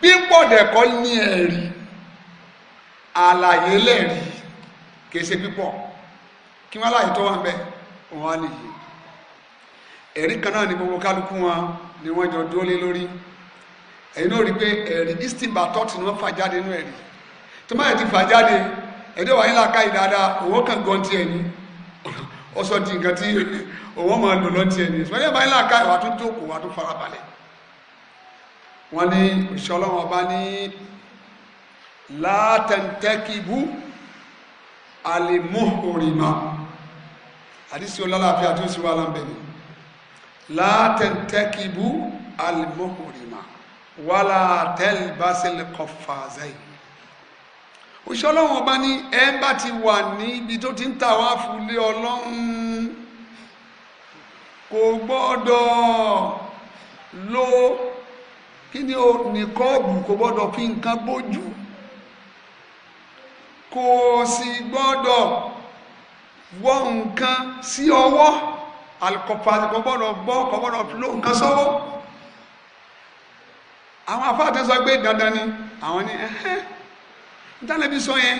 pípọ̀ dẹ̀kọ́ ní ẹ̀rí àlàyé lẹ́rìí kìí ṣe pípọ̀ kí wọ́n láàyè tó wà ń bẹ wọ́n á nìyí ẹ̀rí kan náà ni gbogbo kálukú wọn ni wọ́n jọ dúró lé lórí ẹ̀yin náà rí i pé ẹ̀rí istimba tọ́tù ni wọ́n fà jáde nínú ẹ̀rí tó má yẹ ti fà jáde ẹ̀dẹ́ wàá nílá ká ìdáadáa òwò kan gan tiẹ̀ ni ọ̀sọ̀ di nǹkan tí òwò máa lò lọ tiẹ̀ ni ìsọ̀rọ̀ yẹn bá nílá ká ìwà tó jókòó wà tó farabalẹ̀ wọ́n ní òṣìṣẹ́ bá ní látẹ̀ntẹ́kìbú alimuhurima àdísí olálàáfíà tó sì wà lábẹ́ni látẹ̀ntẹ́kìbú alimuhurima wàlá tẹ́lbásílẹ̀ kọfàzẹ́ òṣìṣẹ́ ọlọ́run ọba ní ẹ bá ti wà níbi tó ti ń ta wá fúlé ọlọ́run kò gbọ́dọ̀ lo kí ni o nìkọ́ọ̀bù kò gbọ́dọ̀ fi nǹkan bójú kò sì gbọ́dọ̀ wọ nǹkan sí ọwọ́ àlùkọ̀pọ̀ àtìkọ́ gbọ́dọ̀ gbọ́ kọ́ gbọ́dọ̀ ló nǹkan sọ́wọ́ àwọn afáàtẹ sọ pé dandan ni àwọn ni ẹhẹ́ ntàlẹ́bí sọ yẹn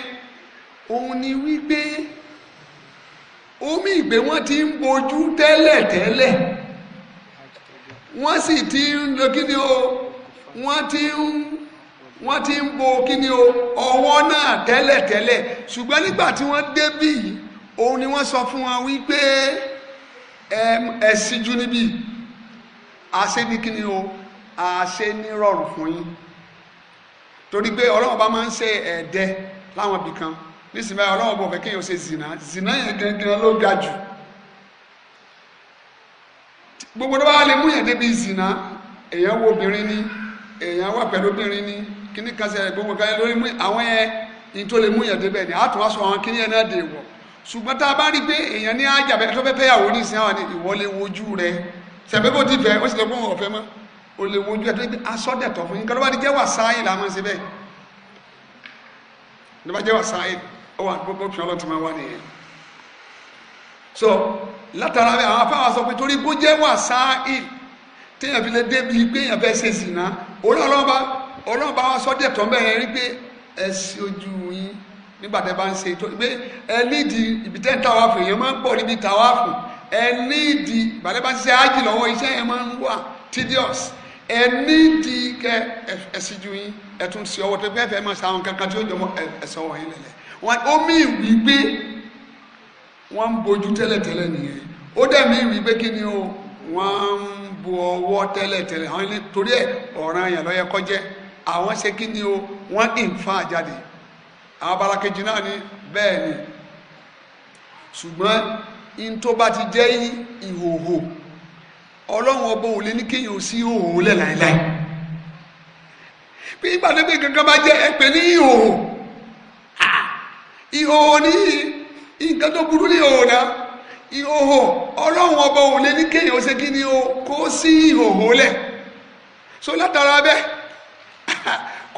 òun ni wípé omi ìgbé wọn ti ń bojú tẹ́lẹ̀ tẹ́lẹ̀ wọ́n sì ti ń lo kí ni o wọ́n ti ń wọ́n ti ń bo kíni o ọwọ́ náà tẹ́lẹ̀tẹ́lẹ̀ ṣùgbọ́n nígbà tí wọ́n débì òun ni wọ́n sọ fún wọn wípé ẹ síjú níbí àṣẹ ní kíni o àṣẹ ní rọrùn fún yín torí pé ọlọ́run bá máa ń ṣe ẹ̀ẹ́dẹ́ láwọn ibì kan nísìnyí báyìí ọlọ́run bọ̀ fẹ́ kéèyàn ṣe zìnà zìnà yẹn gangan ló ga jù gbogbo tó bá lè mú yẹn débi zìnà èèyàn wo obìnrin ni èèyàn wà pẹ̀lú obìnrin ni kíní kan ṣẹlẹ̀ gbogbo kan lórí mú àwọn yẹn ní tó lè mú yẹn débẹ̀ ni àtún wá sọ àwọn kíní yẹn náà dè wọ̀ ṣùgbọ́n tá a bá rí i pé èèyàn ní ájà bẹ́ẹ̀ tó fẹ́ fẹ́ yàwó ní ìsìn àwọn ni ìwọ lè wojú rẹ ṣẹ̀fẹ́ bó ti fẹ́ ó sì lè fún ọ̀fẹ́ mọ́ ó lè wojú ẹ̀ tó ní asọ́dẹ̀tọ̀ fún yín kí ló bá ti jẹ́ wà sáyìn là máa bẹ́ẹ̀ ló bá jẹ́ wà sáyìn ó wà gbogbo fi ọlọ́tí máa wà nìyẹn so látara bẹ́ẹ̀ àwọn afáwà sọ pé torí bó jẹ́ wà sáyìn téèyàn fi lè débi pé èèyàn fẹ́ ṣe zìnà òun náà ọlọ́run bá wa sọ díẹ̀ tó ń bẹ̀rẹ̀ rí pé ẹ sí ojú yín nígbà tẹ́ bá ń ṣe pé ẹ nídìí ibi tẹ́ ń ta wáfù yẹn máa ń pọ̀ níbi ta wáfù ẹ nídìí ìbàdàn bá ń ṣe ájì lọ́wọ́ iṣẹ́ yẹn máa ń wà tedious ẹ nídìí kẹ ẹ sí ju yín ẹ tún sí ọwọ́ tó fẹ́ẹ́ fẹ́ẹ́ máa ṣe kankan tí ó jọ ẹ̀sọ́ wọ̀nyí lẹ̀lẹ̀ wọn ó mí gbé wọn ń bojú tẹ́lẹ̀tẹ́lẹ̀ nìyẹn ó dẹ̀ mí ìwí gbé kí ni o wọn ń bo ọwọ́ tẹ́lẹ̀tẹ́lẹ̀ torí ẹ̀ ọ̀ràn yẹn ló yẹ àwọn ṣe kí ni o wọ́n ìnfà jáde àwọn abalakeji náà ni bẹ́ẹ̀ ni ṣùgbọ́n in tó bá ti jẹ́ ìhòhò ọlọ́run ọba ò lè ní kéèyàn ò sí ìhòhò lẹ̀ láìláì bí ìgbàlódé gangan bá jẹ́ ẹ pè ní ìhòhò ìhòhò ní nǹkan tó burú ní ìhòhò náà ìhòhò ọlọ́run ọba ò ní kéèyàn ò ṣe kí ni o kó sí ìhòhò lẹ̀ so látara bẹ́ẹ̀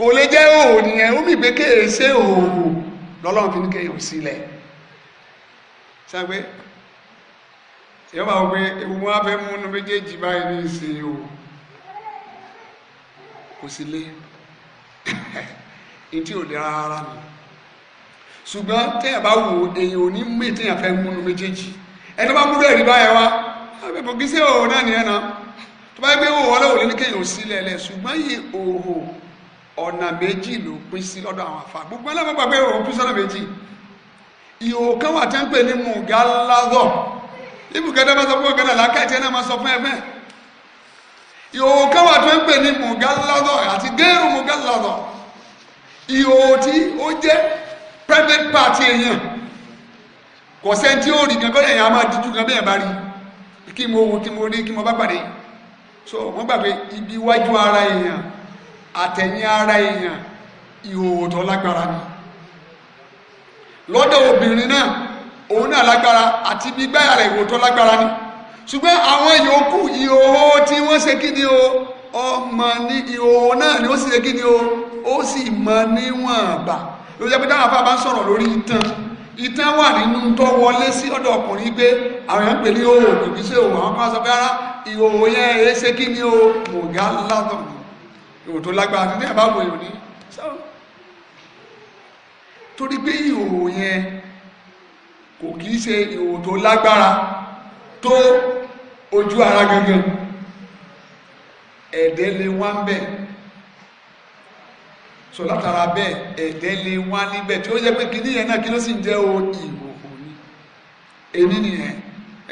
kò lè jẹ́ òwò nìyẹn ó mì pé kéè ṣe òwò lọ́lọ́run fi ní kéè sílẹ̀ ṣàgbé èèyàn bá wọ pé ewu wọn á fẹ́ múnú méjèèjì báyìí ní ìsìn o kò sí lé [laughs] ní tí ò lè rárá ni ṣùgbọ́n téèyàn bá wò èèyàn ò ní mú ètèèyàn fẹ́ múnú méjèèjì ẹni tó bá múlò ẹ̀rí báyẹn wá àbẹ̀bọ̀ ah, kí náà nìyẹn náà tó bá gbé òwò ọlọ́wọ́ lé ní kéèyàn sílẹ̀ lẹ̀ ṣùgbọ́n yìí òwò ọ̀nà méjì ló pín sí lọ́dọ̀ àwọn àfa gbogbo ẹlẹ́mọ̀ gbàgbé òun pín sọ́nà méjì ìhò kan wà tẹ́ ń pè ní mùgálázọ̀ ibùkẹ́dẹ́ bá sọ fún ọ̀gá náà lákàtí ẹ̀ náà máa sọ fún ẹ̀fẹ́ ìhò kan wà tẹ́ ń pè ní mùgálázọ̀ àti géèrú mùgálázọ̀ ìhò tí ó jẹ́ private party èèyàn kò sẹ́ni tí ó rí gan bẹ́ẹ̀ yẹn a máa díjú gan bẹ́ẹ̀ bá rí kí mo wo kí mo rí kí mo bá pàdé so wọ́n gbàgbé ibi iwájú ara èèyàn àtẹ̀yìn ara èèyàn ìhòòhò tó lágbára ni lọ́dọ̀ obìnrin náà òun náà lágbára àti gbígbáyà rẹ̀ ìhòòhò tó lágbára ni ṣùgbọ́n àwọn yòókù ìhòòhò tí wọ́n ṣe kí ni o ọmọ ní ìhòòhò náà ni ó sì ṣe kí ni o ó sì mọ níwọ̀nba ló jẹ́ pé táwọn afá bá ń sọ̀rọ̀ lórí ìtàn ìtàn wà nínú tó wọlé sí ọ̀dọ̀ ọkùnrin pé àwọn èèyàn pè ní òòrùn kì í ṣe òòrùn àwọn kan sọ pé rárá ìhòòhò yẹn èé ṣe kí ni o mọ̀gá látọ̀ ni ìwò tó lágbára ní àbá wo ìròyìn sáwọn torí pé ìhòòhò yẹn kò kì í ṣe ìhòòhò tó lágbára tó ojú ara gangan ẹ̀dẹ́ lè wá ń bẹ̀ sọ látara bẹ́ẹ̀ ẹ̀dẹ́ lè wá níbẹ̀ tí ó yẹ pé kìíní yẹn náà kí ló sì ń jẹ́ o ìhòòhò ni èmi nìyẹn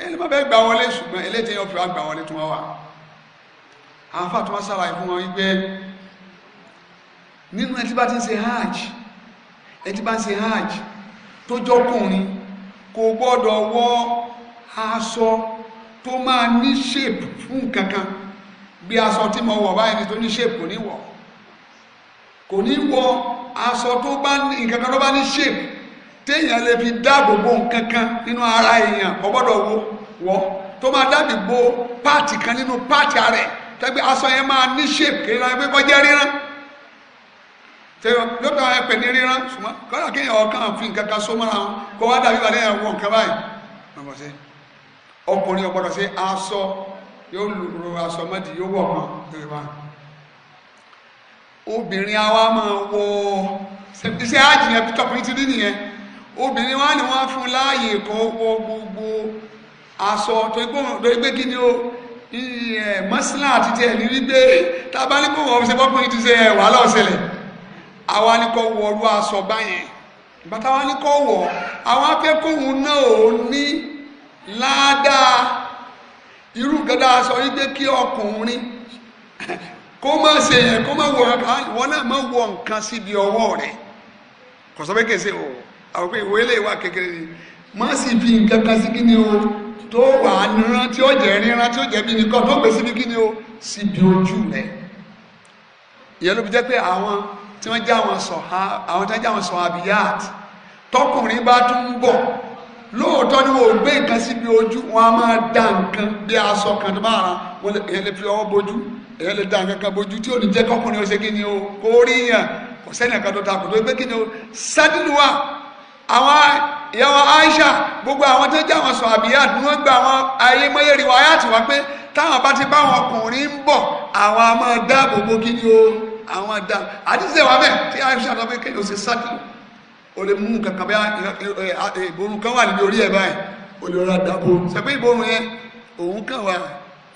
ẹ̀ ló má bẹ́ẹ̀ wọlé ṣùgbọ́n eléyìí tí fi wá gbà wọlé tó wá wà àwọn afá tó wá sàlàyé fún wọn wípé nínú ẹtí bá ti ń ṣe hajj ẹtí bá ń ṣe hajj tó jọkùnrin kò gbọ́dọ̀ wọ aṣọ tó máa ní ṣèpù fún kankan bí aṣọ tí mo wọ̀ báyìí tó ní ṣèpù ní wọ̀ kò ní wọ aṣọ tó bá ní nǹkan kan tó bá ní ṣèpù téèyàn lè fi dáàbò bo nǹkan kan nínú ara èèyàn kò gbọ́dọ̀ wọ tó máa dáàbò bo páàtì kan nínú páàtì ara ẹ̀ tẹ́gbẹ́ aṣọ yẹn máa ní shape kí lọ́ọ́ ẹgbẹ́ kọjá ríran tẹ́yọ lọ́tọ̀ ẹ̀pẹ̀ ní ríran ṣùgbọ́n kọ́dà kí èèyàn kan fi nǹkan kan sómọ́ra wọn kó wá dàbí wà lẹ́yìn àwọn nǹkan báyìí ọmọ sí ọkùnrin ọgbọ́dọ̀ sí aṣọ yóò lu aṣọ mọ́tì yóò wọ̀ kan lórí wa obìnrin àwa máa wọ iṣẹ́ àjìyàn pítọ̀ fún ti dín nìyẹn obìnrin wa ni wọ́n fún láàyè kan wọ gbogbo aṣọ tó gbé kí ni ó ìyẹ mọ́sílá àti tiẹ̀ ní wípé tábánikò wọ́n ṣe bọ́kùnrin ti ṣe ẹ̀wà àwa ni kò wọ̀ọ́rú aṣọ báyẹn bàtà wa ni kò wọ̀ àwọn akẹ́kọ̀ọ́ náà ò ní ládàá irú gada aṣọ wípé kí ọkùnrin kó má ṣe yẹn kó má wọ náà má wọ nǹkan o àwọn pé ìwé kékeré ni má sì fi tó wà á níran tí ó jẹ́ ríran tí ó jẹ́ bíbí kan tó gbé síbi kí ni ó síbi ojú rẹ̀ ìyẹn ló fi jẹ́ pé àwọn tí wọ́n jẹ́ àwọn sọ̀há àwọn tí wọ́n jẹ́ àwọn sọ̀há abiyat tọkùnrin bá tún ń bọ̀ lóòótọ́ ni wọ́n ò gbé nǹkan síbi ojú wọn a máa da nǹkan bí aṣọ kan tó bá ra wọn èyàn lè fi ọwọ́ bojú èyàn lè da nǹkan kan bojú tí ò ní jẹ́ kọkùnrin ó ṣe kí ni o kò rí yàn kò sẹ́ni ẹ̀ka tó ta kò tó gbé kí ni o sádìlúwà àwọn ìyàwó Aisha gbogbo àwọn tó jẹ́ àwọn sọ àbíyàt ni wọ́n gba àwọn ayémọ́yé rí wáyà tí wá pé táwọn bá ti bá àwọn ọkùnrin ń bọ̀ àwọn a máa dáàbò bo kí ni o àwọn àdá àdìsẹ́ wa bẹ́ẹ̀ tí Aisha lọ pé kí ni o ṣe sákìlì o lè mú kankan bẹ́ẹ̀ ìborun kan wà níbi orí ẹ̀ báyìí o lè rọra dáàbò sẹ́pẹ́ ìborun yẹn òun kàn wá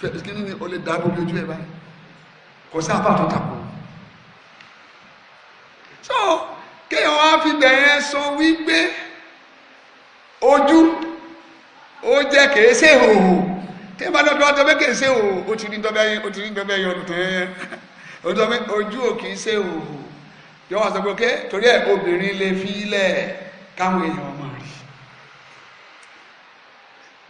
kí ni o lè dáàbò bí ojú ẹ̀ báyìí kò sí àbá tó takò so kéèyàn wá fi bẹ̀rẹ̀ sọ wípé. So, ojú ó jẹ́ kèése òhò tí wọ́n bá dọ́dọ́ ọjọ́ pé kèése òhò ó ti ní dọ́bẹ̀ yọnu tẹ́ ojú ò kìí ṣe òhò yọ wọ́n sọ pé ok torí ẹ̀ obìnrin lè fi ilẹ̀ káwọn èèyàn ọmọ rí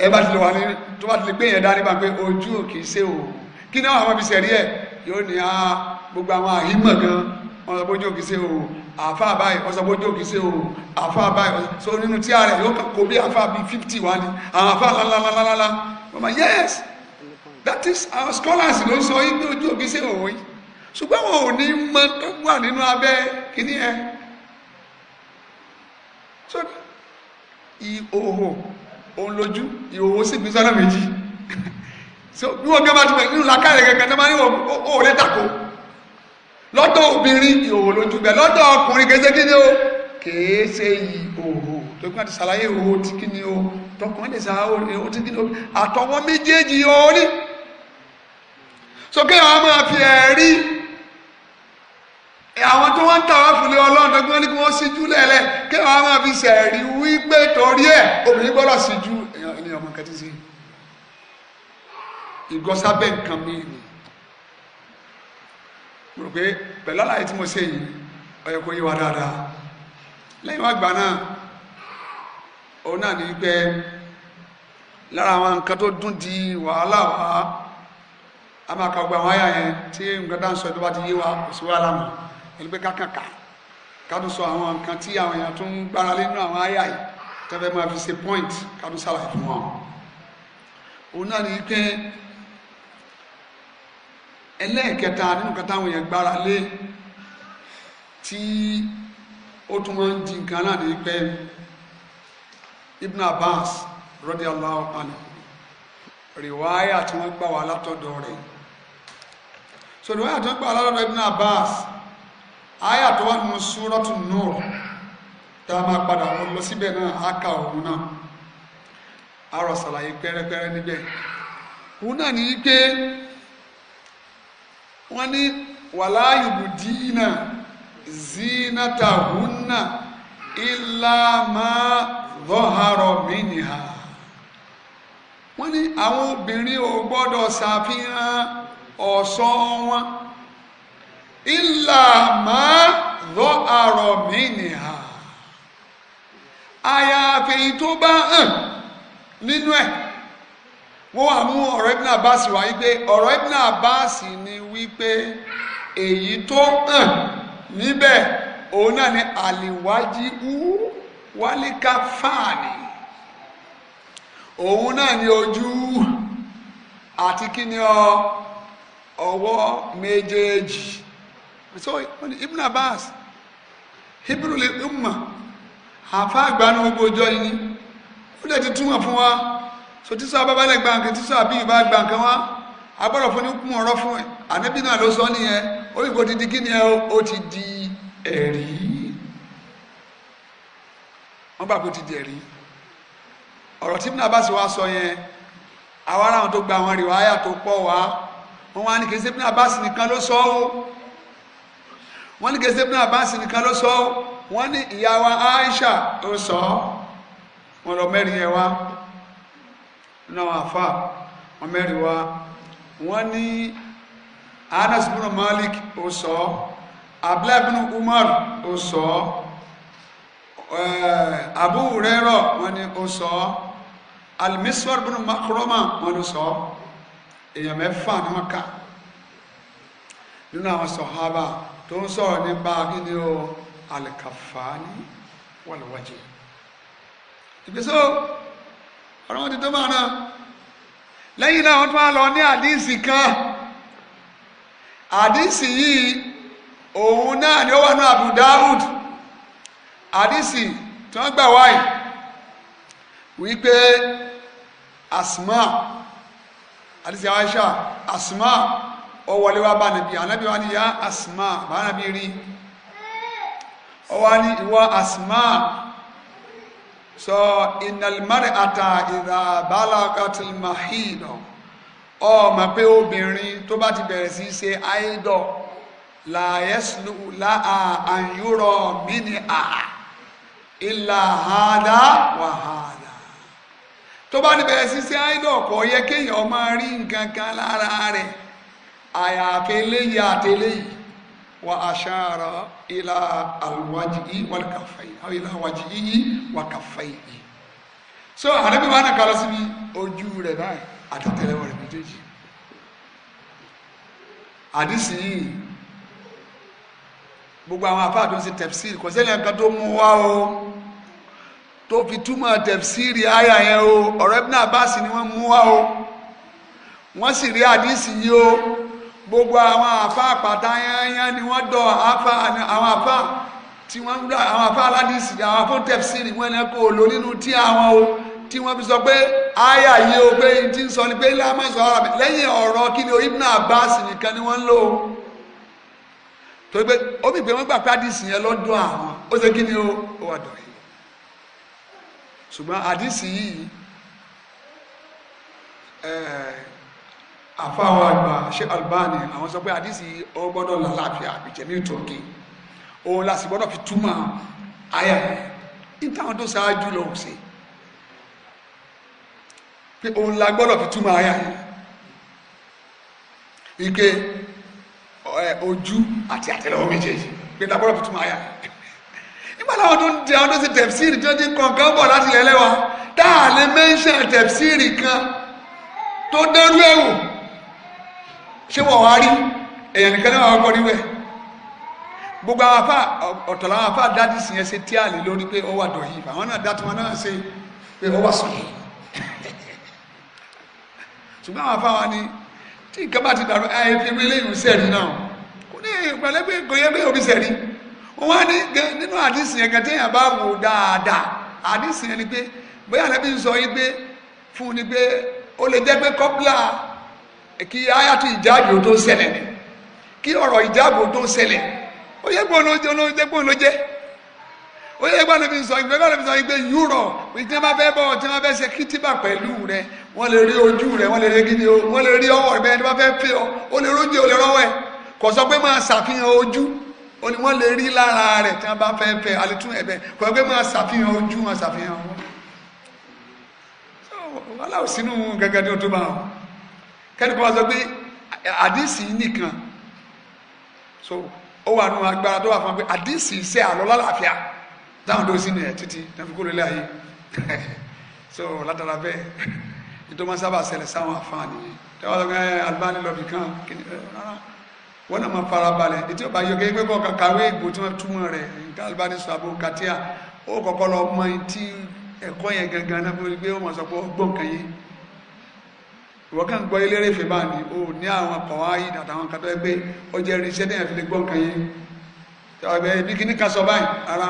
ẹ bá ti lè wà ní tó bá ti lè gbé yẹn dání bá pé ojú ò kìí ṣe òhò kí ni àwọn ọmọ fi ṣẹ̀rí ẹ̀ yóò ní ah, gbogbo àwọn àhímọ̀ gan wọn sọ pé ojú ò kìí ṣe òhò àfa àbáyé ọ̀sọ̀gbọ́n jókì sí o àfa àbáyé so nínú tí a rẹ̀ yóò kó bí àfa bíi fifty wa ni àwọn àfa lalalala mama yes that is our scholars ló sọ yín pé ojú òkè sí òun yìí ṣùgbọ́n wọn ò ní mọ tó wà nínú abẹ́ kínní ẹ so ìhòhò òun lójú ìhòhò sì gbé sọ́nà méjì [laughs] so bí wọ́n gbé bá ti bẹ̀ nínú làkàrẹ̀ kankan tó máa ń wọ̀ ó rẹ̀ tako lọ́dọ̀ obìnrin ìhòòhò lójú bẹ̀ lọ́dọ̀ ọkùnrin kèése kí ni o kèése ìhòòhò tó kí wọ́n ti ṣàlàyé ìhòòhò tí kí ni o tọkùnrin ti ṣàlàyé ìhòòhò tí kí ni o àtọwọ́ méjèèjì orí sókè àwọn máa fi ẹ̀rí àwọn tó wọ́n ń tàwa fúnlé ọlọ́run tó gbọ́n ní kí wọ́n síjú lẹ́lẹ̀ kí àwọn máa fi ṣẹ̀rí wípé torí ẹ̀ obìnrin gbọ́dọ̀ síjú ènìyàn ọmọ kẹtí sí ìgọ́sábẹ́ nǹkan mìíràn mo rò pé pẹ̀lú àlàyé tí mo ṣe yìí ó yẹ kó yé wa dáadáa lẹ́yìn wá gbà náà òun náà ní pé lára àwọn nǹkan tó dún di wàhálà wa a máa ka gba àwọn àyà yẹn tí nǹkan tá ń sọ ìjọba ti yé wa kò sí wàhálà mọ́ ẹni pé kákàkà ká sọ àwọn nǹkan tí àwọn èèyàn tún ń gbára lé nínú àwọn àyà yìí tẹ́fẹ́ máa fi ṣe point ká tún ṣàlàyé fún wọn òun náà ní pé ẹlẹ́ẹ̀kẹta nínú kan táwọn èèyàn gbára lé tí ó tún máa ń nǹkan náà ní pé Ibn Abbas radiyallahu anhu rìwáyà tí wọ́n gbà wá látọ̀dọ̀ rẹ̀ so rìwáyà tí wọ́n gbà wá látọ̀dọ̀ Ibn Abbas àyà tó wà nínú Suratu Nur tá a máa padà wọn lọ síbẹ̀ náà á ka òun náà á rọ̀ ṣàlàyé pẹ́rẹ́pẹ́rẹ́ níbẹ̀ òun náà ní pé wọ́n ní wàláyùbù dínà zínátà húnà ìlàmà zọ́hárọ̀ mìnìhà wọ́n ní àwọn obìnrin ò gbọ́dọ̀ ṣàfihàn ọ̀ṣọ́ wọn ìlàmà zọ́hárọ̀ mìnìhà àyàfi tó bá hàn nínú ẹ̀ wọ́n wá mú ọ̀rọ̀ Ibn Abbas wá wípé ọ̀rọ̀ Ibn Abbas ni wípé èyí tó hàn níbẹ̀ òun náà ni àlìwájí wú wálíkà fáàní òun náà ni ojú àti kí ni ọ ọwọ́ méjèèjì so Ibn Abbas hebrew lè náà yìí ó fún wa. so tí sábà bá lẹ gba nǹkan tí sábà bíi bá gba nǹkan wá agbọ́dọ̀ fún ní kún ọ̀rọ̀ fún ẹ̀ ànábì náà ló sọ nìyẹn òyìnbó ti di kí ni ẹ ó ti di ẹ̀rí wọ́n gbà kó ti di ẹ̀rí ọ̀rọ̀ tí Ibn Abbas wá sọ yẹn àwọn aráwọn tó gba àwọn rìwáyà tó pọ̀ wá wọ́n wá ní kí Ibn Abbas nìkan ló sọ ó wọ́n ní kí Ibn Abbas nìkan ló sọ ó wọ́n ní ìyá wa Aisha ló sọ ọ́ wọ́n lọ mẹ́rin yẹn wá náà àfà wọn mẹ́rin wá wọ́n ní Anas bin Malik ó sọ Abdullah bin Umar ó sọ eh, Abu Hurairah wọ́n ní ó sọ Al-Miswar bin Makroma wọ́n ní sọ èèyàn mẹ́fà ni wọ́n kà nínú àwọn sọ̀hábà tó ń sọ̀rọ̀ nípa kí ni o alìkàfà ní wọ́lọ̀wọ́jì ìgbésọ́ ọ̀rọ̀ wọn ti tó máa náà lẹ́yìn náà wọ́n tún á lọ ní àdíìsì kan àdíìsì yìí òun náà ni ó wà ní Abu Dawud àdíìsì tí wọ́n gbà wáyìí wípé Asma àdíìsì Aisha Asma ó wọlé wá bá nàbí ànábì wá ní ya Asma bá nàbí rí ó wá ní ìwọ Asma so ìnàlímárì ata ìràbálà kàtìmáhìnà ọ mà pé obìnrin tó bá ti bẹ̀rẹ̀ sí í ṣe áìdọ̀ làyẹ̀sùlù láà àyúrọ̀ mí ni àà ìlà àádá wàhálà tó bá ní bẹ̀rẹ̀ sísẹ́ idol kò yẹ kéèyàn máa rí nǹkan kan lára rẹ̀ àyàfi eléyìí àti eléyìí wa ashara ila alwajhi walkafai aw ila wajhihi wa so anabi wana náà kala síbi ojú rẹ̀ báyìí àtẹ̀tẹ̀lẹ́wọ̀ rẹ̀ méjèèjì gbogbo àwọn afa tó ń tafsir ko kò sẹ́ni ẹ̀ka tó mú o to fi tuma tafsir aya yen o ore Ibn Abbas ni won mu wa o won sì rí adisi yi o. gbogbo àwọn àfa àpàtà yányá ni wọ́n dọ̀ àwọn àfa tí wọ́n ń gbà àwọn àfa aládìsí àwọn àfa tẹ̀síìrì wọn náà kò lò nínú tí àwọn o tí wọ́n fi sọ pé àyà yìí o pé n ti ń sọ ni pé lámà sọ ara mi lẹ́yìn ọ̀rọ̀ kí ni Ibn Abbas nìkan ni wọ́n ń lò ó torí pé ó bì pé wọ́n gbà pàdísì yẹn lọ́dún àwọn ó ṣe kí ni ó wà dọ̀ yìí ṣùgbọ́n àdìsí yìí ẹ̀ẹ́ àfáwọn àgbà ṣe Albani àwọn sọ pé àdísì ọgbọ́dọ̀ lálàáfíà àbìjẹ̀mí ìtòkè òun láti gbọ́dọ̀ fi túmọ̀ àyà ìtàwọn tó ṣáájú lọ sí pé òun la gbọ́dọ̀ fi túmọ̀ àyà ike ojú àti àtẹ́lẹwọ́ méjèèjì pé la gbọ́dọ̀ fi túmọ̀ àyà nígbà táwọn tó ń jẹ àwọn tó ṣe tẹ̀fsíìrì tí wọ́n ti kọ̀ọ̀kan bọ̀ láti lẹ́lẹ́wà táà lè mẹ́ńṣẹ̀ tẹ̀fsíìrì kan tó dẹ́rú ẹ̀wò ṣé wọ́n wá rí èèyàn nìkan náà wọ́n kọ́ níbẹ̀ gbogbo àwọn afá ọ̀tọ̀ làwọn afá dáàdì sì yẹn ṣe tíàlì lórí pé ó wà dọ̀yì àwọn náà dá tiwọn náà ṣe pé ó wà sọ̀yìn ṣùgbọ́n àwọn afá wa ni tí nǹkan bá ti dàrú ayé fi mi léyìn sẹ́ẹ̀rì náà kò ní ìpàlẹ́gbẹ́ kò yẹ pé òbí sẹ́ẹ̀rì wọ́n wá ní nínú àdìsí yẹn kan téèyàn bá wò dáadáa àdìsí yẹn ni pé bóyá àlẹ́ bí ń sọ yí pé fún ni pé ó lè jẹ́ pé kọ́pìlà kí ayatu ìjáàbò tó ṣẹlẹ̀ ni kí ọ̀rọ̀ ìjáàbò tó ṣẹlẹ̀ ó yẹ gbọ́n ló jẹ́ gbọ́n ló jẹ́ ó yẹ gbọ́n ló fi sọ ìgbẹ́ gbọ́n ló fi sọ ìgbẹ́ yúrọ̀ ìgbẹ́ máa fẹ́ bọ̀ tí wọ́n fẹ́ ṣe kìtìbà pẹ̀lú rẹ wọ́n lè rí ojú rẹ wọ́n lè rí gidi o wọ́n lè rí ọwọ́ rẹ bẹ́ẹ̀ ni wọ́n fẹ́ fẹ́ ọ ó lè rójú ó lè rọ́wọ́ ẹ kò sọ pé máa ṣàfihàn ojú ó ní wọ́n lè rí lára rẹ tí wọ́n bá fẹ́ fẹ́ àletún ẹ̀bẹ̀ kò sọ pé máa ṣàfihàn ojú máa ṣàfihàn wọn. wàhálà sínú gẹ́gẹ́ ní ọdún báwọn kẹ́ni kọ́ sọ pé àdìsí nìkan so ó wà nù agbára tó wà fún wa pé àdìsí iṣẹ́ àlọ́ lálàáfíà dáhùn tó sí ni títí tẹ̀fi kúrò ayé [laughs] so látara bẹ́ẹ̀ nítorí wọ́n sábà ṣẹlẹ̀ sáwọn àfáàní tẹ́wọ́n sọ pé eh, Albani lọ́bì kan eh, rárá wọ́n náà máa fara balẹ̀ ètò ìbá yọ kékeré kọ́ kàwé ìgbò tí wọ́n túmọ̀ rẹ̀ nǹkan Albani sọ àbò katia ó kọ́kọ́ lọ mọ ti ẹ̀kọ́ yẹn gangan náà fún mi pé ó sọ pé ó gbọ̀ǹkan yìí ìwọ kàn gbọ́ eléré fè bá ní o ní àwọn kọ̀wá yìí àtàwọn kan tó yẹ pé ó jẹ́ fi lè gbọ́ nǹkan yẹn tàbí ibi kíní kan sọ báyìí ara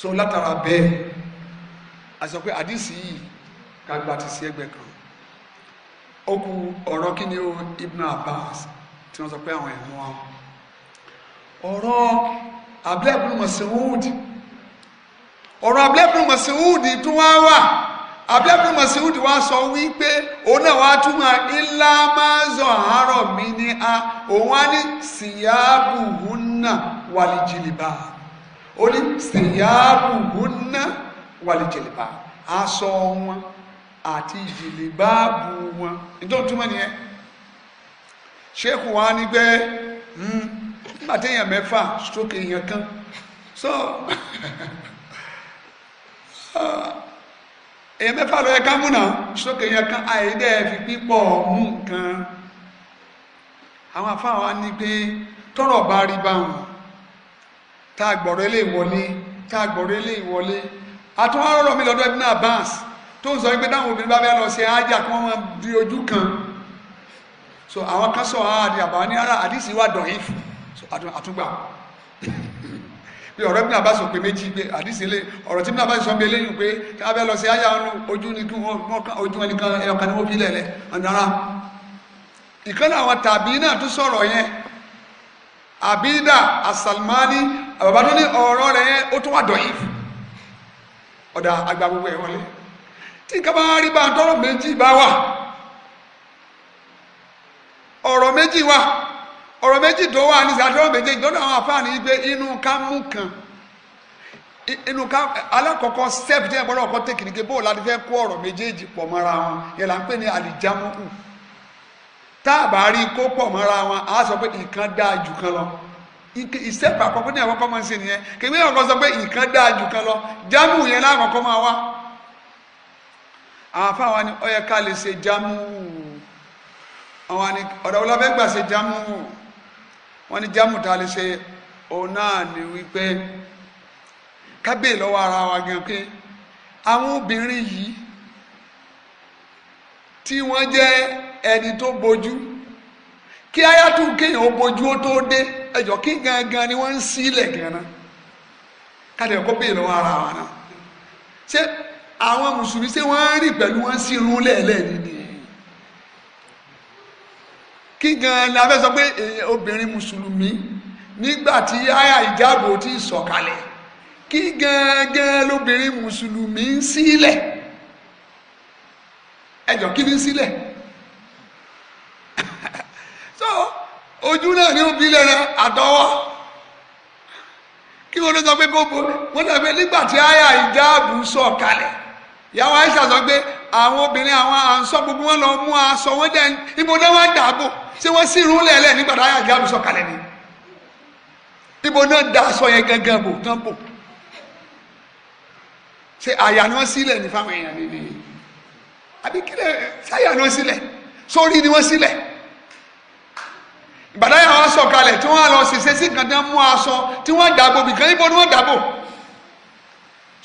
so látara bẹ́ẹ̀ a sọ pé àdìsí yìí ká gba ti sí ẹgbẹ́ kan ó ku ọ̀rọ̀ kí ni ó Ibn Abbas tí wọ́n sọ pé àwọn ẹ̀mú wọn ọ̀rọ̀ abúlé ibn Mas'ud tún wá wà abdulhamid masoud wa sọ wípé òun náà wàá túmọ̀ ilá máa zọ àárọ̀ mi ní a òun á ní síyáàbù húnà wàlìjìlìbà ó ní síyáàbù húnà wàlìjìlìbà aṣọ wọn àti jìlìbáàbù wọn nítorí túmọ̀ nìyẹn ṣéèkù wa ní pé hmm, nígbà téèyàn mẹ́fà stroke èèyàn kan so. uh, [laughs] èyàn mẹ́fà ló kan àìdẹ́ fi pípọ̀ mú tọrọ a gbọ̀rọ̀ ilé ìwọlé tá a gbọ̀rọ̀ ilé ìwọlé àtúnwá rọrọ mi lọ́dọ̀ Ibn tó ń sọ pé obìnrin bá lọ kí kan so àwọn kan àdìyàbá ah, ní ara àdìsí wà dọ̀yìn fún So, pé ọ̀rọ̀ bí nàbà sọ pé méjì pé àdìsí lé ọ̀rọ̀ tí nàbà sọ pé eléyìí pé kábẹ́ lọ sí àyà ọ̀nù ojú ni kí wọ́n ojú ẹni kan ẹyọ kan ni wọ́n fi lẹ̀lẹ̀ ọ̀nàrà ìkànnì àwọn tàbí náà tún sọ̀rọ̀ yẹn àbídà àsàlmánì àbàbà tó ní ọ̀rọ̀ rẹ̀ yẹn ó tún wà dọ̀yìn ọ̀dà àgbà gbogbo ẹ̀ wọlé tí nǹkan bá ọ̀rọ̀ méjì wà ọ̀rọ̀ méjì tó wà ní ìsàdúrà méjì lọ́dọ̀ àwọn afáàní gbé inú ká mú kan inú ká alákọ̀ọ́kọ́ step jẹ́ ìbọ̀rọ̀ ọ̀kọ́ tẹkìnìkì bóòlù láti fẹ́ kó ọ̀rọ̀ méjèèjì pọ̀ mọ́ra wọn yẹn là ń pè ní àlìjámúkù tá a rí kó wọn á sọ pé nǹkan dáa kan lọ ìsẹ́pà àkọ́kọ́ ní àkọ́kọ́ máa ń ṣe nìyẹn ọ̀kọ́ sọ lọ jámù yẹn lákọ̀ọ́kọ́ máa wá àwọn afáwọn ni ká lè ṣe jámù àwọn ọ̀dọ́ wọ́n ní jámù tá a lè ṣe òun náà ni wípé kábíyè lọ́wọ́ ara wa gan pé àwọn obìnrin yìí tí wọ́n jẹ́ ẹni tó bojú kí ayatu kéèyàn ó bojú ó tó dé ẹjọ́ kí gangan ni wọ́n ń sílẹ̀ gan-an káde ẹ̀kọ́ lọ́wọ́ ara wa náà ṣé àwọn mùsùlùmí ṣé wọ́n ń rìn pẹ̀lú wọn sí irun lẹ́ẹ̀lẹ́ẹ̀ nìyí kí gan la fẹ́ sọ pé obìnrin mùsùlùmí nígbà tí àyà ìjáàbò ti sọ̀kalẹ̀ kí gangan lóbìnrin mùsùlùmí ń sílẹ̀ ẹjọ́ kí ni sílẹ̀ [laughs] so ojú náà ni ó bí lẹ́nu àtọwọ́ kí wọ́n ló sọ pé kó bo wọ́n dàbí nígbà tí àyà ìjáàbò sọ̀kalẹ̀ ìyàwó Aisha sọ pé àwọn obìnrin àwọn àǹsọ́ gbogbo wọn lọ mú aṣọ wọn dẹ́n ibo náà wá dàbò ṣé wọ́n sì rún lẹ́lẹ́ nígbà tá àyà jáàmù sọ̀kalẹ̀ ni ibo náà da aṣọ yẹn gangan bò tán bò ṣe àyà ni wọ́n sílẹ̀ ní fáwọn èèyàn nìyí àbí kílẹ̀ ṣáyà ni wọ́n sílẹ̀ sórí ni wọ́n sílẹ̀ ìbàdáyà wọn sọ̀kalẹ̀ tí wọ́n lọ ṣiṣẹ́ sí kan mú aṣọ tí wọ́n dàbò bìkan ibo ni wọ́n dàbò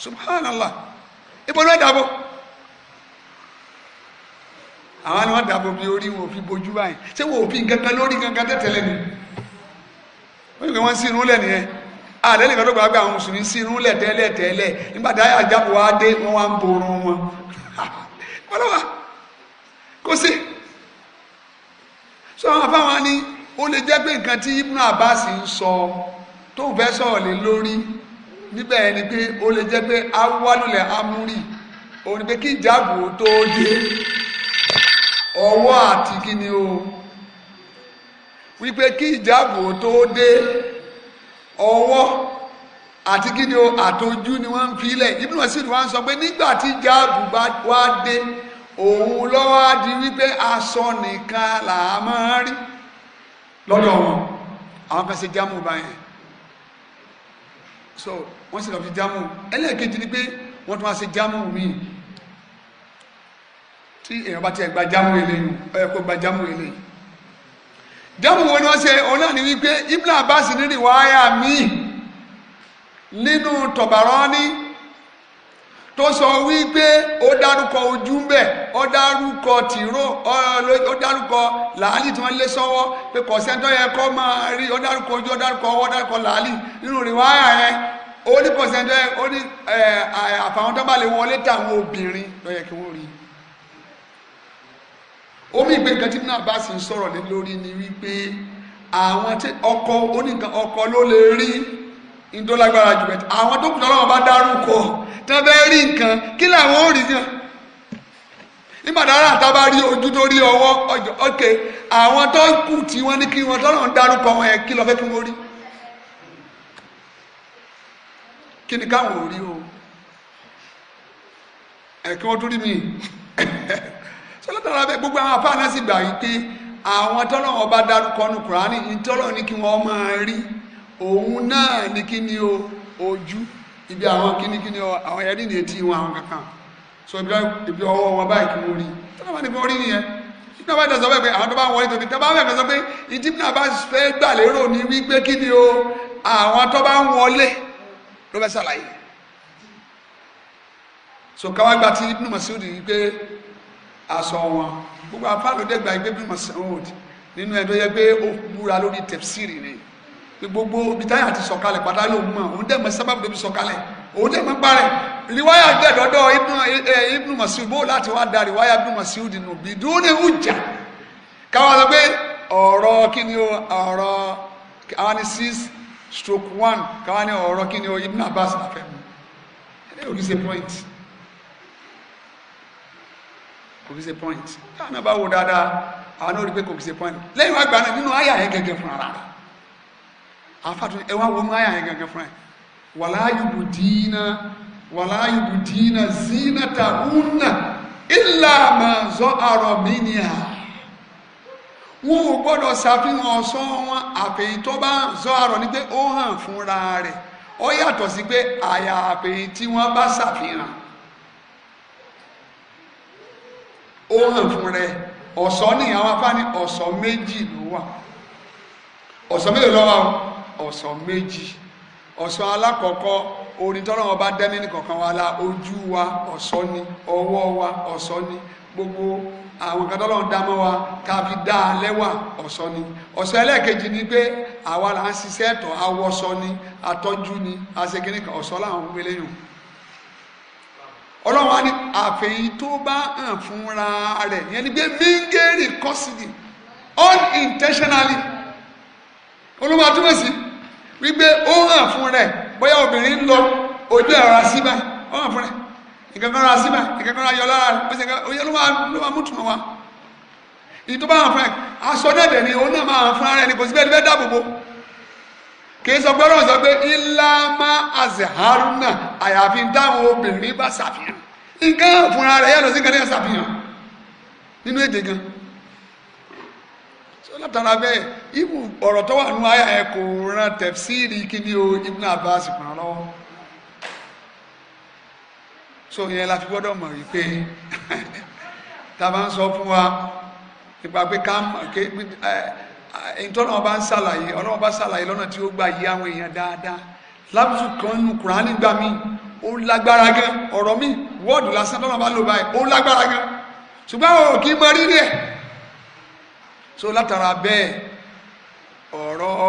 subhanallah. ibo ló dàbò àwọn ni wọ́n Dabo bí orí wọn fi bojú báyìí ṣé wọn ò fi gangan lórí gangan tẹ́tẹ́lẹ̀ ni wọ́n yìí pé wọ́n ń sínú lẹ̀ nìyẹn àlẹ́ nìkan tó gbàgbé àwọn mùsùlùmí sínú lẹ̀ tẹ́lẹ̀ tẹ́lẹ̀ nígbà tá a jábò wa dé wọ́n wá ń borun wọn [laughs] sí sọ ni ó lè jẹ́ pé nǹkan tí Ibn ń sọ tó fẹ́ sọ̀rọ̀ lórí níbẹ̀ yẹn ni pé ó lè jẹ́ pé awálulẹ̀ amúrì òun ni pé kí ìjáàbò tó dé ọwọ́ àti kí ni o wípé kí ìjáàbò tó dé ọwọ́ àti kí ni o àtọjú ni wọ́n ń filẹ̀ Ibn Mas'ud wọ́n sọ pé nígbà tí ìjáàbò wá dé òun lọ́wọ́ á di wípé aṣọ nìkan là á máa rí lọ́dọ̀ wọn àwọn kan ṣe jámù báyẹn so wọ́n sì lọ fi jámù ẹlẹ́ẹ̀kejì ni pé wọ́n tún wá sí jámù míì tí èèyàn bá tiẹ̀ gba jámù eléyìí ó yẹ kó gba jámù eléyìí jámù wo ni wọ́n ṣe òun náà ni wípé Ibn Abbas ní rìwáyà míì nínú Tọ̀bàránì tó sọ wípé ó dárúkọ ojú ń bẹ̀ ó dárúkọ tìró ó dárúkọ làálì tí wọ́n lé sọ́wọ́ pé kọ̀sẹ́ńtọ́ yẹ kó máa rí ó dárúkọ ojú ó dárúkọ ọwọ́ ó dárúkọ làálì nínú rìwáyà yẹn ó ní àfàwọn tó lè wọlé táwọn obìnrin ló yẹ kí wọ́n rí omi ìgbé nǹkan tí ń sọ̀rọ̀ lé ni wípé àwọn tí ọkọ oníkan ọkọ ló lè rí ndólágbára jù bẹ́ẹ̀ àwọn tó kù tọ́lọ́wọ́ bá dárúkọ tán bẹ́ẹ̀ rí nǹkan kí làwọn ò rí yàn nígbàdára oju rí ojú tó rí ọwọ́ ọkẹ́ àwọn tó kù tí wọ́n ní kí wọ́n dárúkọ kí ni káwọn ò rí o ẹ̀kí wọ́n tún rí mi sọlọ́tàrà [laughs] bẹ́ẹ̀ gbogbo àwọn afáàná sì gbà yìí pé àwọn tọ́lọ́wọ́n bá darúkọ nu kùránì ìtọ́lọ́ ní kí wọ́n máa rí òun náà ní kí ni ojú ibi àwọn kíní kíní o àwọn ẹ̀rí ní etí wọn àwọn kankan so ibi ọwọ́ wọn báyìí kí wọ́n rí tọ́lọ́wọ́n ní kí wọ́n rí nìyẹn nígbà bá tẹ̀sán pé àwọn tó bá wọlé tóbi tó bá bẹ̀rẹ̀ sọ pé ìdí náà bá fẹ́ gbà lérò ní wípé kí ni o àwọn tó bá wọlé ló fẹ́ ṣàlàyé so káwá gba ti Ibn Mas'ud yìí pé aṣọ wọn gbogbo afáàlú dẹ́gba yìí pé Ibn Mas'ud nínú ẹ̀ tó yẹ pé ó lórí tẹ̀síìrì ni gbogbo ibi táyà ti sọ̀kalẹ̀ pátá ló mọ̀ òun dẹ̀ mọ̀ sábàbù tó fi sọ̀kalẹ̀ òun dẹ̀ mọ̀ parẹ̀ riwaya gbẹ̀dọ̀dọ̀ Ibn eh, eh, Mas'ud bó láti wá da riwaya Ibn Mas'ud nù biduni hujja káwọn sọ pé ọ̀rọ̀ kí ni ọ̀rọ̀ àwọn ni six stroke one káwá ní ọ̀rọ̀ kí ni o ibn abbas la fẹ́ mu ẹ ò ní ṣe point kò ní ṣe point táwọn náà bá wo dáadáa àwọn náà rí pé kò ní ṣe point lẹ́yìn wá gbà náà nínú àyà yẹn gẹ́gẹ́ fúnra rà àfàtún ẹ wá wo mú àyà yẹn gẹ́gẹ́ fúnra wàlá yubudina wàlá yubudina zinata hunna illa ma zọ àrọ̀ mi ni wọn ò gbọ́dọ̀ ṣàfihàn ọ̀ṣọ́ wọn àfihàn tó bá ń sọ àrọ̀ ni pé ó hàn fúnra rẹ̀ ó yàtọ̀ sí pé àyà àfihàn tí wọ́n bá ṣàfihàn ó hàn fúnra rẹ̀ ni ní àwọn afáàní ọ̀ṣọ́ méjì ló wà ọ̀ṣọ́ méjì ló wà ọ̀ṣọ́ méjì ọ̀ṣọ́ alákọ̀ọ́kọ́ orin tọ́lọ́ wọn bá dẹ́ni nìkọ̀ọ̀kan wa la ojú wa ọ̀ṣọ́ ni ọwọ́ wa ọ̀ṣọ́ ni gbogbo àwọn kan tọ́lọ́run dá mọ́ wa ká fi dá a lẹ́wà ọ̀ṣọ́ ni ọ̀ṣọ́ ẹlẹ́ẹ̀kejì ni pé àwa là ń ṣiṣẹ́ ẹ̀tọ́ awọ́ṣọ́ ni atọ́jú ni aṣèkínní kan ọ̀ṣọ́ làwọn ń gbélé yàn ọlọ́run á ní àfẹ̀yìn tó bá hàn fúnra rẹ̀ yẹn ni pé mingeri custody unintentionally olúwa túmọ̀ sí wípé ó hàn fún rẹ̀ bóyá obìnrin ń lọ ojú ẹ̀rọ asíbá ó hàn fún rẹ̀ nǹkan kan ra síbẹ̀ nǹkan kan ra yọ lára rẹ̀ pèsè nǹkan oyè ló máa mú tùmọ̀ wa ìyí tó bá hàn fún ẹ aṣọ náà dẹ̀ ni òun náà máa hàn fún ara ẹni kò sí bẹ́ẹ̀ ni bẹ́ẹ̀ dáàbò bo kì í sọ pé ọlọ́run sọ pé ilá máa àzẹ̀hárúnà àyàfi dáhùn obìnrin bá ṣàfihàn nǹkan fúnra rẹ̀ yàtọ̀ sí nǹkan náà ṣàfihàn nínú èdè gan sọ látara bẹ́ẹ̀ ibù ọ̀rọ̀ tó wà nínú àyà ẹ̀ kò ran tẹ̀síìrì kí ni o Ibn Abbas pàrọ̀ lọ́wọ́ so yẹn la fi gbọ́dọ̀ mọ̀ wípé [laughs] tá a bá ń sọ fún wa nípa pé ká mọ̀ ké ntọ́nà ọba ń ṣàlàyé ọlọ́wọ́ bá ṣàlàyé lọ́nà tí ó gbà yí àwọn èèyàn dáadáa lábùsù kan nu kùránì gbà mí ó lágbára gan ọ̀rọ̀ mi wọ́ọ̀dù lásán tọ́nà ọba lò báyìí ó lágbára gan ṣùgbọ́n àwọn kì í mọ rírì so látara bẹ́ẹ̀ ọ̀rọ̀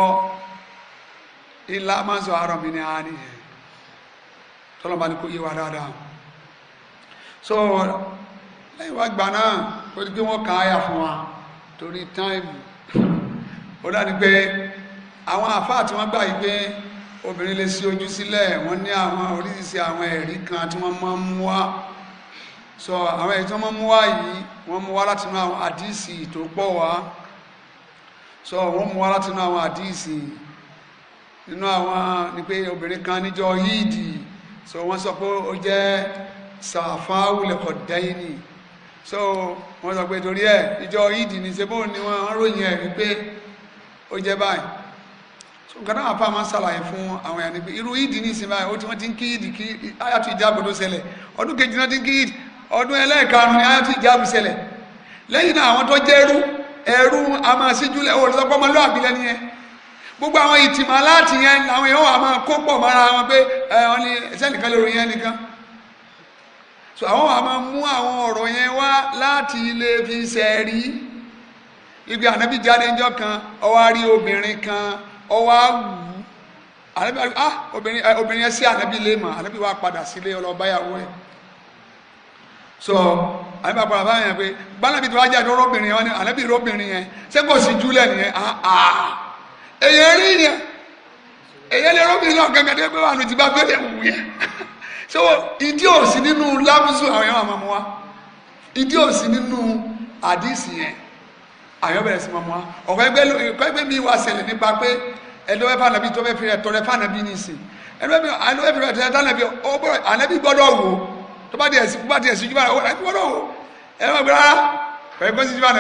ilá máa ń sọ àárọ̀ mi ní àárín yẹn tọ́nà ọba ni kò yé wa dáadáa. so lẹ́yìn wá gbà náà ó wọn kàn áyà fún wa torí táìmù ó dáni pé àwọn àfáà tí wọ́n gbà yìí pé obìnrin lè ṣí ojú sílẹ̀ wọ́n ní àwọn oríṣiríṣi àwọn ẹ̀rí kan tí wọ́n máa ń mú wá so àwọn ẹ̀rí tí wọ́n máa ń mú wá yìí wọ́n mú wá láti inú àwọn àdíìsì so wọ́n mú wá láti inú àwọn àdíìsì kan yídì so wọ́n sọ pé ó jẹ́ sàfáwulẹ̀ ọ̀dẹ́yìn ni so wọ́n sọ pé torí ẹ̀ ìjọ ìdì ní ṣe bóun ni wọ́n ròyìn ẹ̀ wípé ó jẹ́ báyìí so nǹkan náà apá máa ń ṣàlàyé fún àwọn èèyàn ni pé irú ìdì ní ìsinmi báyìí ó ti wọ́n ti ń kí ìdì kí ayàtú ìjáàbò tó ṣẹlẹ̀ ọdún kejì náà ti ń kí ìdì ọdún ẹlẹ́ẹ̀karùn-ún ni ayàtú ìjáàbò ṣẹlẹ̀ lẹ́yìn náà àwọn tó jẹ́ ẹrú ẹrú a máa ṣíjú lẹ́ òòrùn sọpọ́ ọmọ lóàbí lẹ́ni yẹn gbogbo àwọn ìtìmọ̀ aláàtì yẹn làwọn èèyàn wà máa kó pọ̀ mọ́ra wọn pé ẹ̀ wọ́n ni sẹ́nìkan lórí yẹn nìkan so àwọn wa máa mú àwọn ọ̀rọ̀ yẹn wá láti ilé fi sẹ́ẹ̀rí ibi ànábì jáde ńjọ́ kan ó wá rí obìnrin kan ó wá wù ànábì wá ah obìnrin eh, obìnrin yẹn sí ànábì lè mọ̀ ànábì wá padà sílé ọlọ́báyàwó ẹ̀ so ànábì wá padà báyà pé gbanabi tó wá jáde rọ́bìnrin yẹn wọ́n ní ànábì rọ́bìnrin yẹn ṣé kò sí júlẹ̀ nìyẹn ah ah èyàn rí yẹn èyàn lè rọ́bìnrin náà gẹ́gẹ́ dé pé wà lójú bá gbé so ìdí òsì nínú lámùsù àwọn èèyàn máa mú wa ìdí òsì nínú àdìsí yẹn àwọn bẹ̀rẹ̀ sí máa wa ọ̀kọ́ ẹgbẹ́ ọ̀kọ́ mi wá ṣẹlẹ̀ nípa pé ẹ̀dọ́ ẹ̀fà nàbí tó fẹ́ fi rẹ̀ tọrẹ fà nàbí nìsín ẹ̀dọ́ ẹ̀fà fi rẹ̀ tọrẹ fà nàbí ọ̀gbọ́n ànábì gbọ́dọ̀ wò tó bá tiẹ̀ sí kú bá tiẹ̀ sí jù bá gbọ́dọ̀ wò ẹ̀rọ gbé rárá pẹ̀lú pé sí jù bá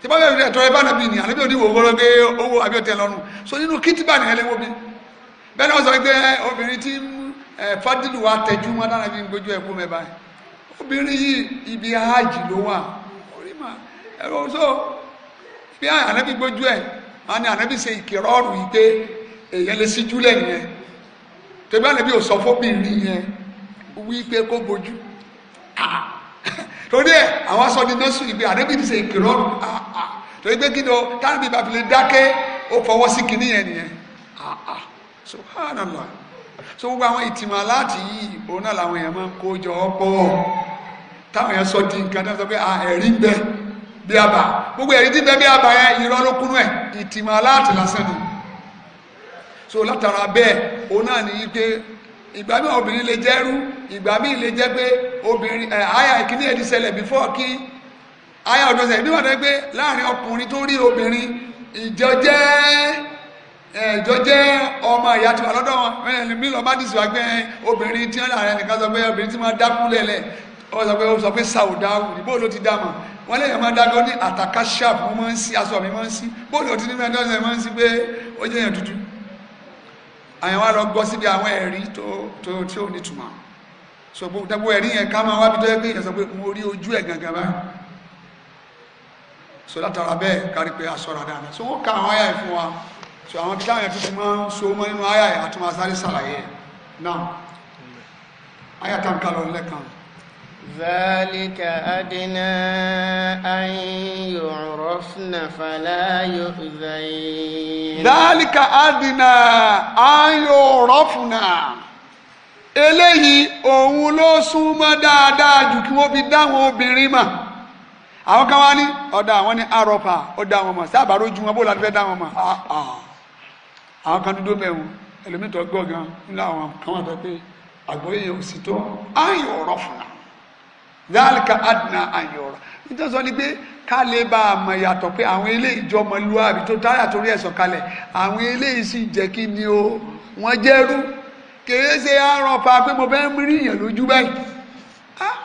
tí bá bẹ̀rẹ̀ tọrẹ bá nàbí ni ànábì so nínú kìtìbà nìyẹn lé wọ́bi bẹ́ẹ̀ ni wọ́n sọ ti ẹ fadilu wa tẹjú mọ́ dára bí n gbójú ẹkú mẹba obìnrin yìí ibi hajj ló wà orí ma ẹrọ so bí ànábi gbójú ẹ wọn ni ànábi ṣe ìkìrọrù yìí pé èèyàn lè síjú lẹ́yìn yẹn tẹbí ànábi ò sọ fóbìnrin yẹn wí pé kó bójú torí ẹ àwọn aṣọ ni nọọsù yìí pé ànábi ti ṣe ìkìrọrù torí pé kí ni o táwọn ibi bàbá lè dákẹ́ ó fọwọ́ sí kinní yẹn nìyẹn subhanallah so gbogbo àwọn ìtìmọ̀ aláàtì yìí òun náà làwọn èèyàn máa ń kó jọ pọ̀ táwọn èèyàn sọ di nǹkan tó ń sọ pé ẹ̀rí ń bẹ bí àbá gbogbo ẹ̀rí ti bẹ bí àbá yẹn irọ́ ló kúnú ẹ̀ ìtìmọ̀ aláàtì lásán ni so látara bẹ́ẹ̀ òun náà ní pé ìgbà míì obìnrin lè jẹ́ rú ìgbà míì lè jẹ́ pé obìnrin ẹ̀ àyà ìkíní ẹ̀ ti ṣẹlẹ̀ before kí àyà ọ̀dọ́sẹ̀ ìbí wọn dẹ́ pé láàrin ọkùnrin tó rí obìnrin ìjọ jẹ́ ẹjọ jẹ ọmọ ìyá tiwa lọ́dọ̀ wọn ẹlẹmi lọ bá dìsọ agbẹ obìnrin tí wọn làrẹ nìkan sọ pé obìnrin tí wọn dákú lẹlẹ ọ sọ pé ó sọ pé sàwùdáwù ní bóòlù ti dàmọ wọn lẹ́yìn ọmọ dágbọ ní àtàkà sharp mo máa ń sí aṣọ mi máa ń sí bóòlù ti ní mẹ́ta ọsẹ máa ń sí pé ó jẹ yẹn dúdú àyàn wa lọ gbọ́ síbi àwọn ẹ̀rí tó tó tí ò nítumọ̀ sọ pé gbogbo ẹ̀rí yẹn ká máa wá bí tó yẹ pé yẹn sọ pé mo rí ojú ẹ gangan báyìí sọ látara bẹ́ẹ̀ kárí pé aṣọra dáadáa sọ wọn ká àwọn ayà yìí wa so àwọn bíi táwọn yẹn tuntun máa ń so mọ́ nínú àyà yẹn àti máa sáré sàlàyé náà àyà tá n kà lọ lẹ́kàn. ذلك أدنى أن يعرفن فلا يؤذين ذلك أدنى أن يعرفن eléyìí òun ló súnmọ́ dáadáa jù kí wọ́n fi dáhùn obìnrin mà àwọn kan wá ní ọ̀dà àwọn ní arọ́pà ọ̀dà àwọn mọ̀ sábà rojú wọn bó la fẹ́ dáhùn mọ̀ áà. Ah, ah àwọn kan dúdú bẹ̀ wọn ẹlòmíì tó gbọ́ gan nílò àwọn kan wà pé àgbọ̀yé yẹn ò sì tó àyàn ọ̀rọ̀ fún un dáàlìkà àdínà àyàn ọ̀rọ̀ nítorí sọ ni pé ká lè bá a mọ̀ yàtọ̀ pé àwọn eléyìí jọ ọmọ lúwàbí tó táyà torí ẹ̀sọ̀ kalẹ̀ àwọn eléyìí sì jẹ́ kí ni o wọ́n jẹ́rú kèrè ṣe àrọ̀ pa pé mo fẹ́ mú ríyàn lójú báyìí. Ah!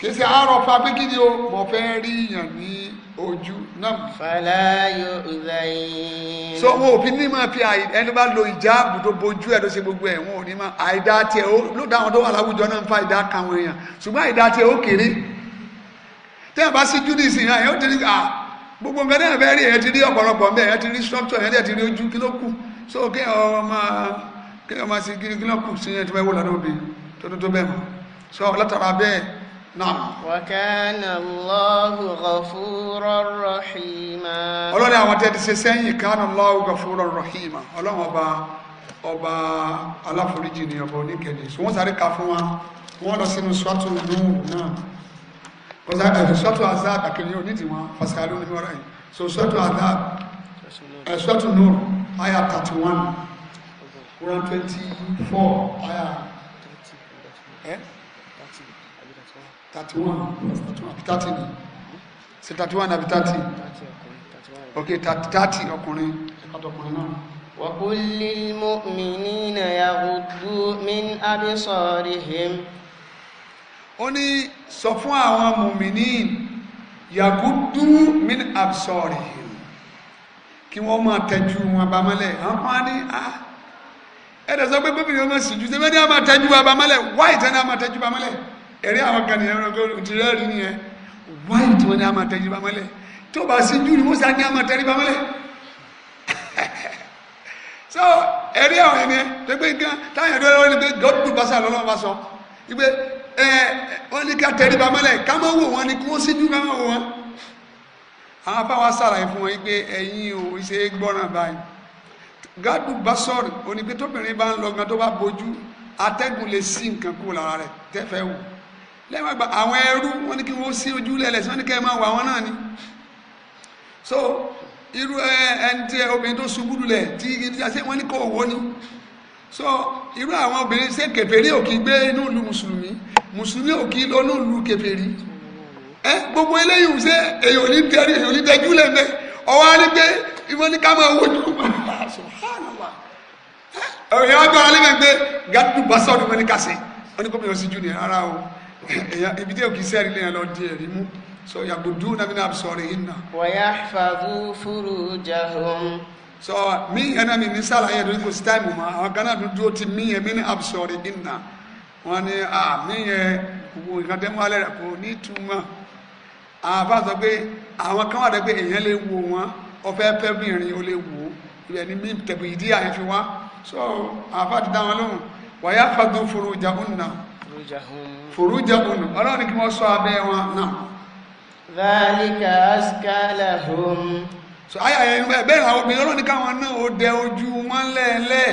kèsì àárọ̀ fún abékìdí o mo fẹ́ rí yàn ní ojú náà. fàlàyò ìlàyìn. so wọn ò fi ní máa fi ẹni bá lo ìjáàbù tó bojú ẹ tó ṣe gbogbo ẹ wọn ò ní máa àìdá tiẹ ó lóòótọ́ àwọn tó wà láwùjọ náà ń fa ìdá kan àwọn èèyàn ṣùgbọ́n àìdá tiẹ ó kéré tẹ́yìn bá sí júdìsì yẹn yóò ti rí à gbogbo nǹkan náà fẹ́ rí ẹ̀yẹ́ ti rí ọ̀pọ̀lọpọ̀ mẹ́ẹ̀ ẹ̀yẹ́ ti rí structure ẹ̀yẹ́ ti rí ojú kí ló kù so kí ọmọ kí ọmọ sí kí ló kù sí ẹni tó fẹ́ wò lọ́dọ̀ obìnrin tó tó tó bẹ́ẹ̀ mọ́ so látara bẹ́ẹ̀ Naam. Wa kana Allahu ghafuran rahima. Ọlọ́run àwọn tẹ́ ti ṣe sẹ́yìn kana Allahu ghafuran rahima. Ọlọ́run ọba ọba aláforíjì ni ọba oníkẹ̀lẹ̀. So wọ́n sáré ka fún wa, wọ́n lọ sínú sọ́tù lóhùn náà. Wọ́n sáré ẹ̀sùn eh, sọ́tù azab àkèrè yóò ní tiwọn, pàṣẹ ló ní wọ́n yìí. So sọ́tù azab, eh, sọ́tù nur, àyà thirty one, one twenty four, àyà. Eh? thirty one thirty ni ṣe thirty one àbí thirty ok thirty ọkùnrin ọkùnrin náà. وقل للمؤمنين يغضوا من أبصارهم ó ní sọ fún àwọn mùmínín yàgùdú min absorihim kí wọ́n máa tẹ́jú wọn abamọ́lẹ̀ àwọn ní à ah, ẹ̀dẹ̀ sọ pé gómìnà ọmọ sì jù sẹ́fẹ́ ní a tẹ́jú abamọ́lẹ̀ wáìtẹ́ ní a tẹ́jú abamọ́lẹ̀ ẹ̀rí àwọn kan nìyẹn wọn ti rẹ́ẹ̀rí nìyẹn wáyé tí wọ́n ní àmà tẹríba mọ́lẹ̀ tó bá sí júù ni wọ́n sá ní àmà tẹríba mọ́lẹ̀ [laughs] so ẹ̀rí àwọn ẹ̀mí ẹ̀ tó gbé gan táwọn ẹ̀dọ́ ẹ̀rọ ni pé gọ́dùn bàṣà lọ́lọ́wọ́ bá sọ wípé ẹ wọ́n ní ká tẹríba mọ́lẹ̀ ká má wò wọ́n ni kí wọ́n sí júù ká má wò wọ́n àwọn afáwa sàlàyé fún wọn wípé ẹ̀yin ò ṣe é gbọ́ràn báyìí gádùn bàṣọ́ọ̀rì onígbé tóbìnrin bá ń lọ gan lẹ́wọ̀n àwọn ẹrú wọ́n ní kí wọ́n sí ojú lẹ́lẹ̀sí wọ́n ní kẹ́ ẹ máa wà wọ́n náà ni so irú ẹni tí obìnrin tó ṣubú lulẹ̀ tí ìdíjàsẹ́ wọ́n ní kọ́ òwò ni so irú àwọn obìnrin ṣe kèfèrí ò kì í gbé inú ìlú mùsùlùmí mùsùlùmí ò kì í lọ inú ìlú kèfèrí ẹ gbogbo eléyìí ṣe èyí ò ní dẹrí èyí ò ní dẹjú lẹ́mẹ́ ọwọ́ alẹ́ pé ìwọ́n ní ká máa wojú ẹ̀yìn ọgbà alẹ́ mẹ́ pé gàdúgbàsọ́ọ̀dù mẹ́ni ibi tí òkè sẹ́rí lẹ́yìn lọ di ẹ̀rí mú so yàgòdú nàbí náà sọ̀rọ̀ yìí nà. wọ́yá fàbú fúru jahun. so mí yẹn náà mi ní sàlàyé ẹ̀dọ́ kò sí táìmù mọ́ àwọn kan náà dúdú ti mí yẹn mí ní absọ̀rọ̀ yìí nà wọ́n ní à mí yẹn gbogbo nǹkan tẹ́ mú alẹ́ rẹ̀ kò ní túmọ̀ àwọn sọ pé àwọn kan wà dẹ́gbẹ́ èèyàn lè wò wọ́n ọ̀fẹ́ fẹ́ ó lè wò ibẹ̀ ni mí tẹ̀bù ìdí àyẹ̀fi wá so àwọn bá ti dá wọn lóhùn wọ́yá fàbú fúru jahun náà furujahum ọlọ́run ni kí wọ́n sọ abẹ́ wọn náà. dhalika azka so ayé ayé bẹ́ẹ̀ ni àwọn obìnrin ọlọ́run ní káwọn náà ó dẹ ojú wọn lẹ́ẹ̀lẹ́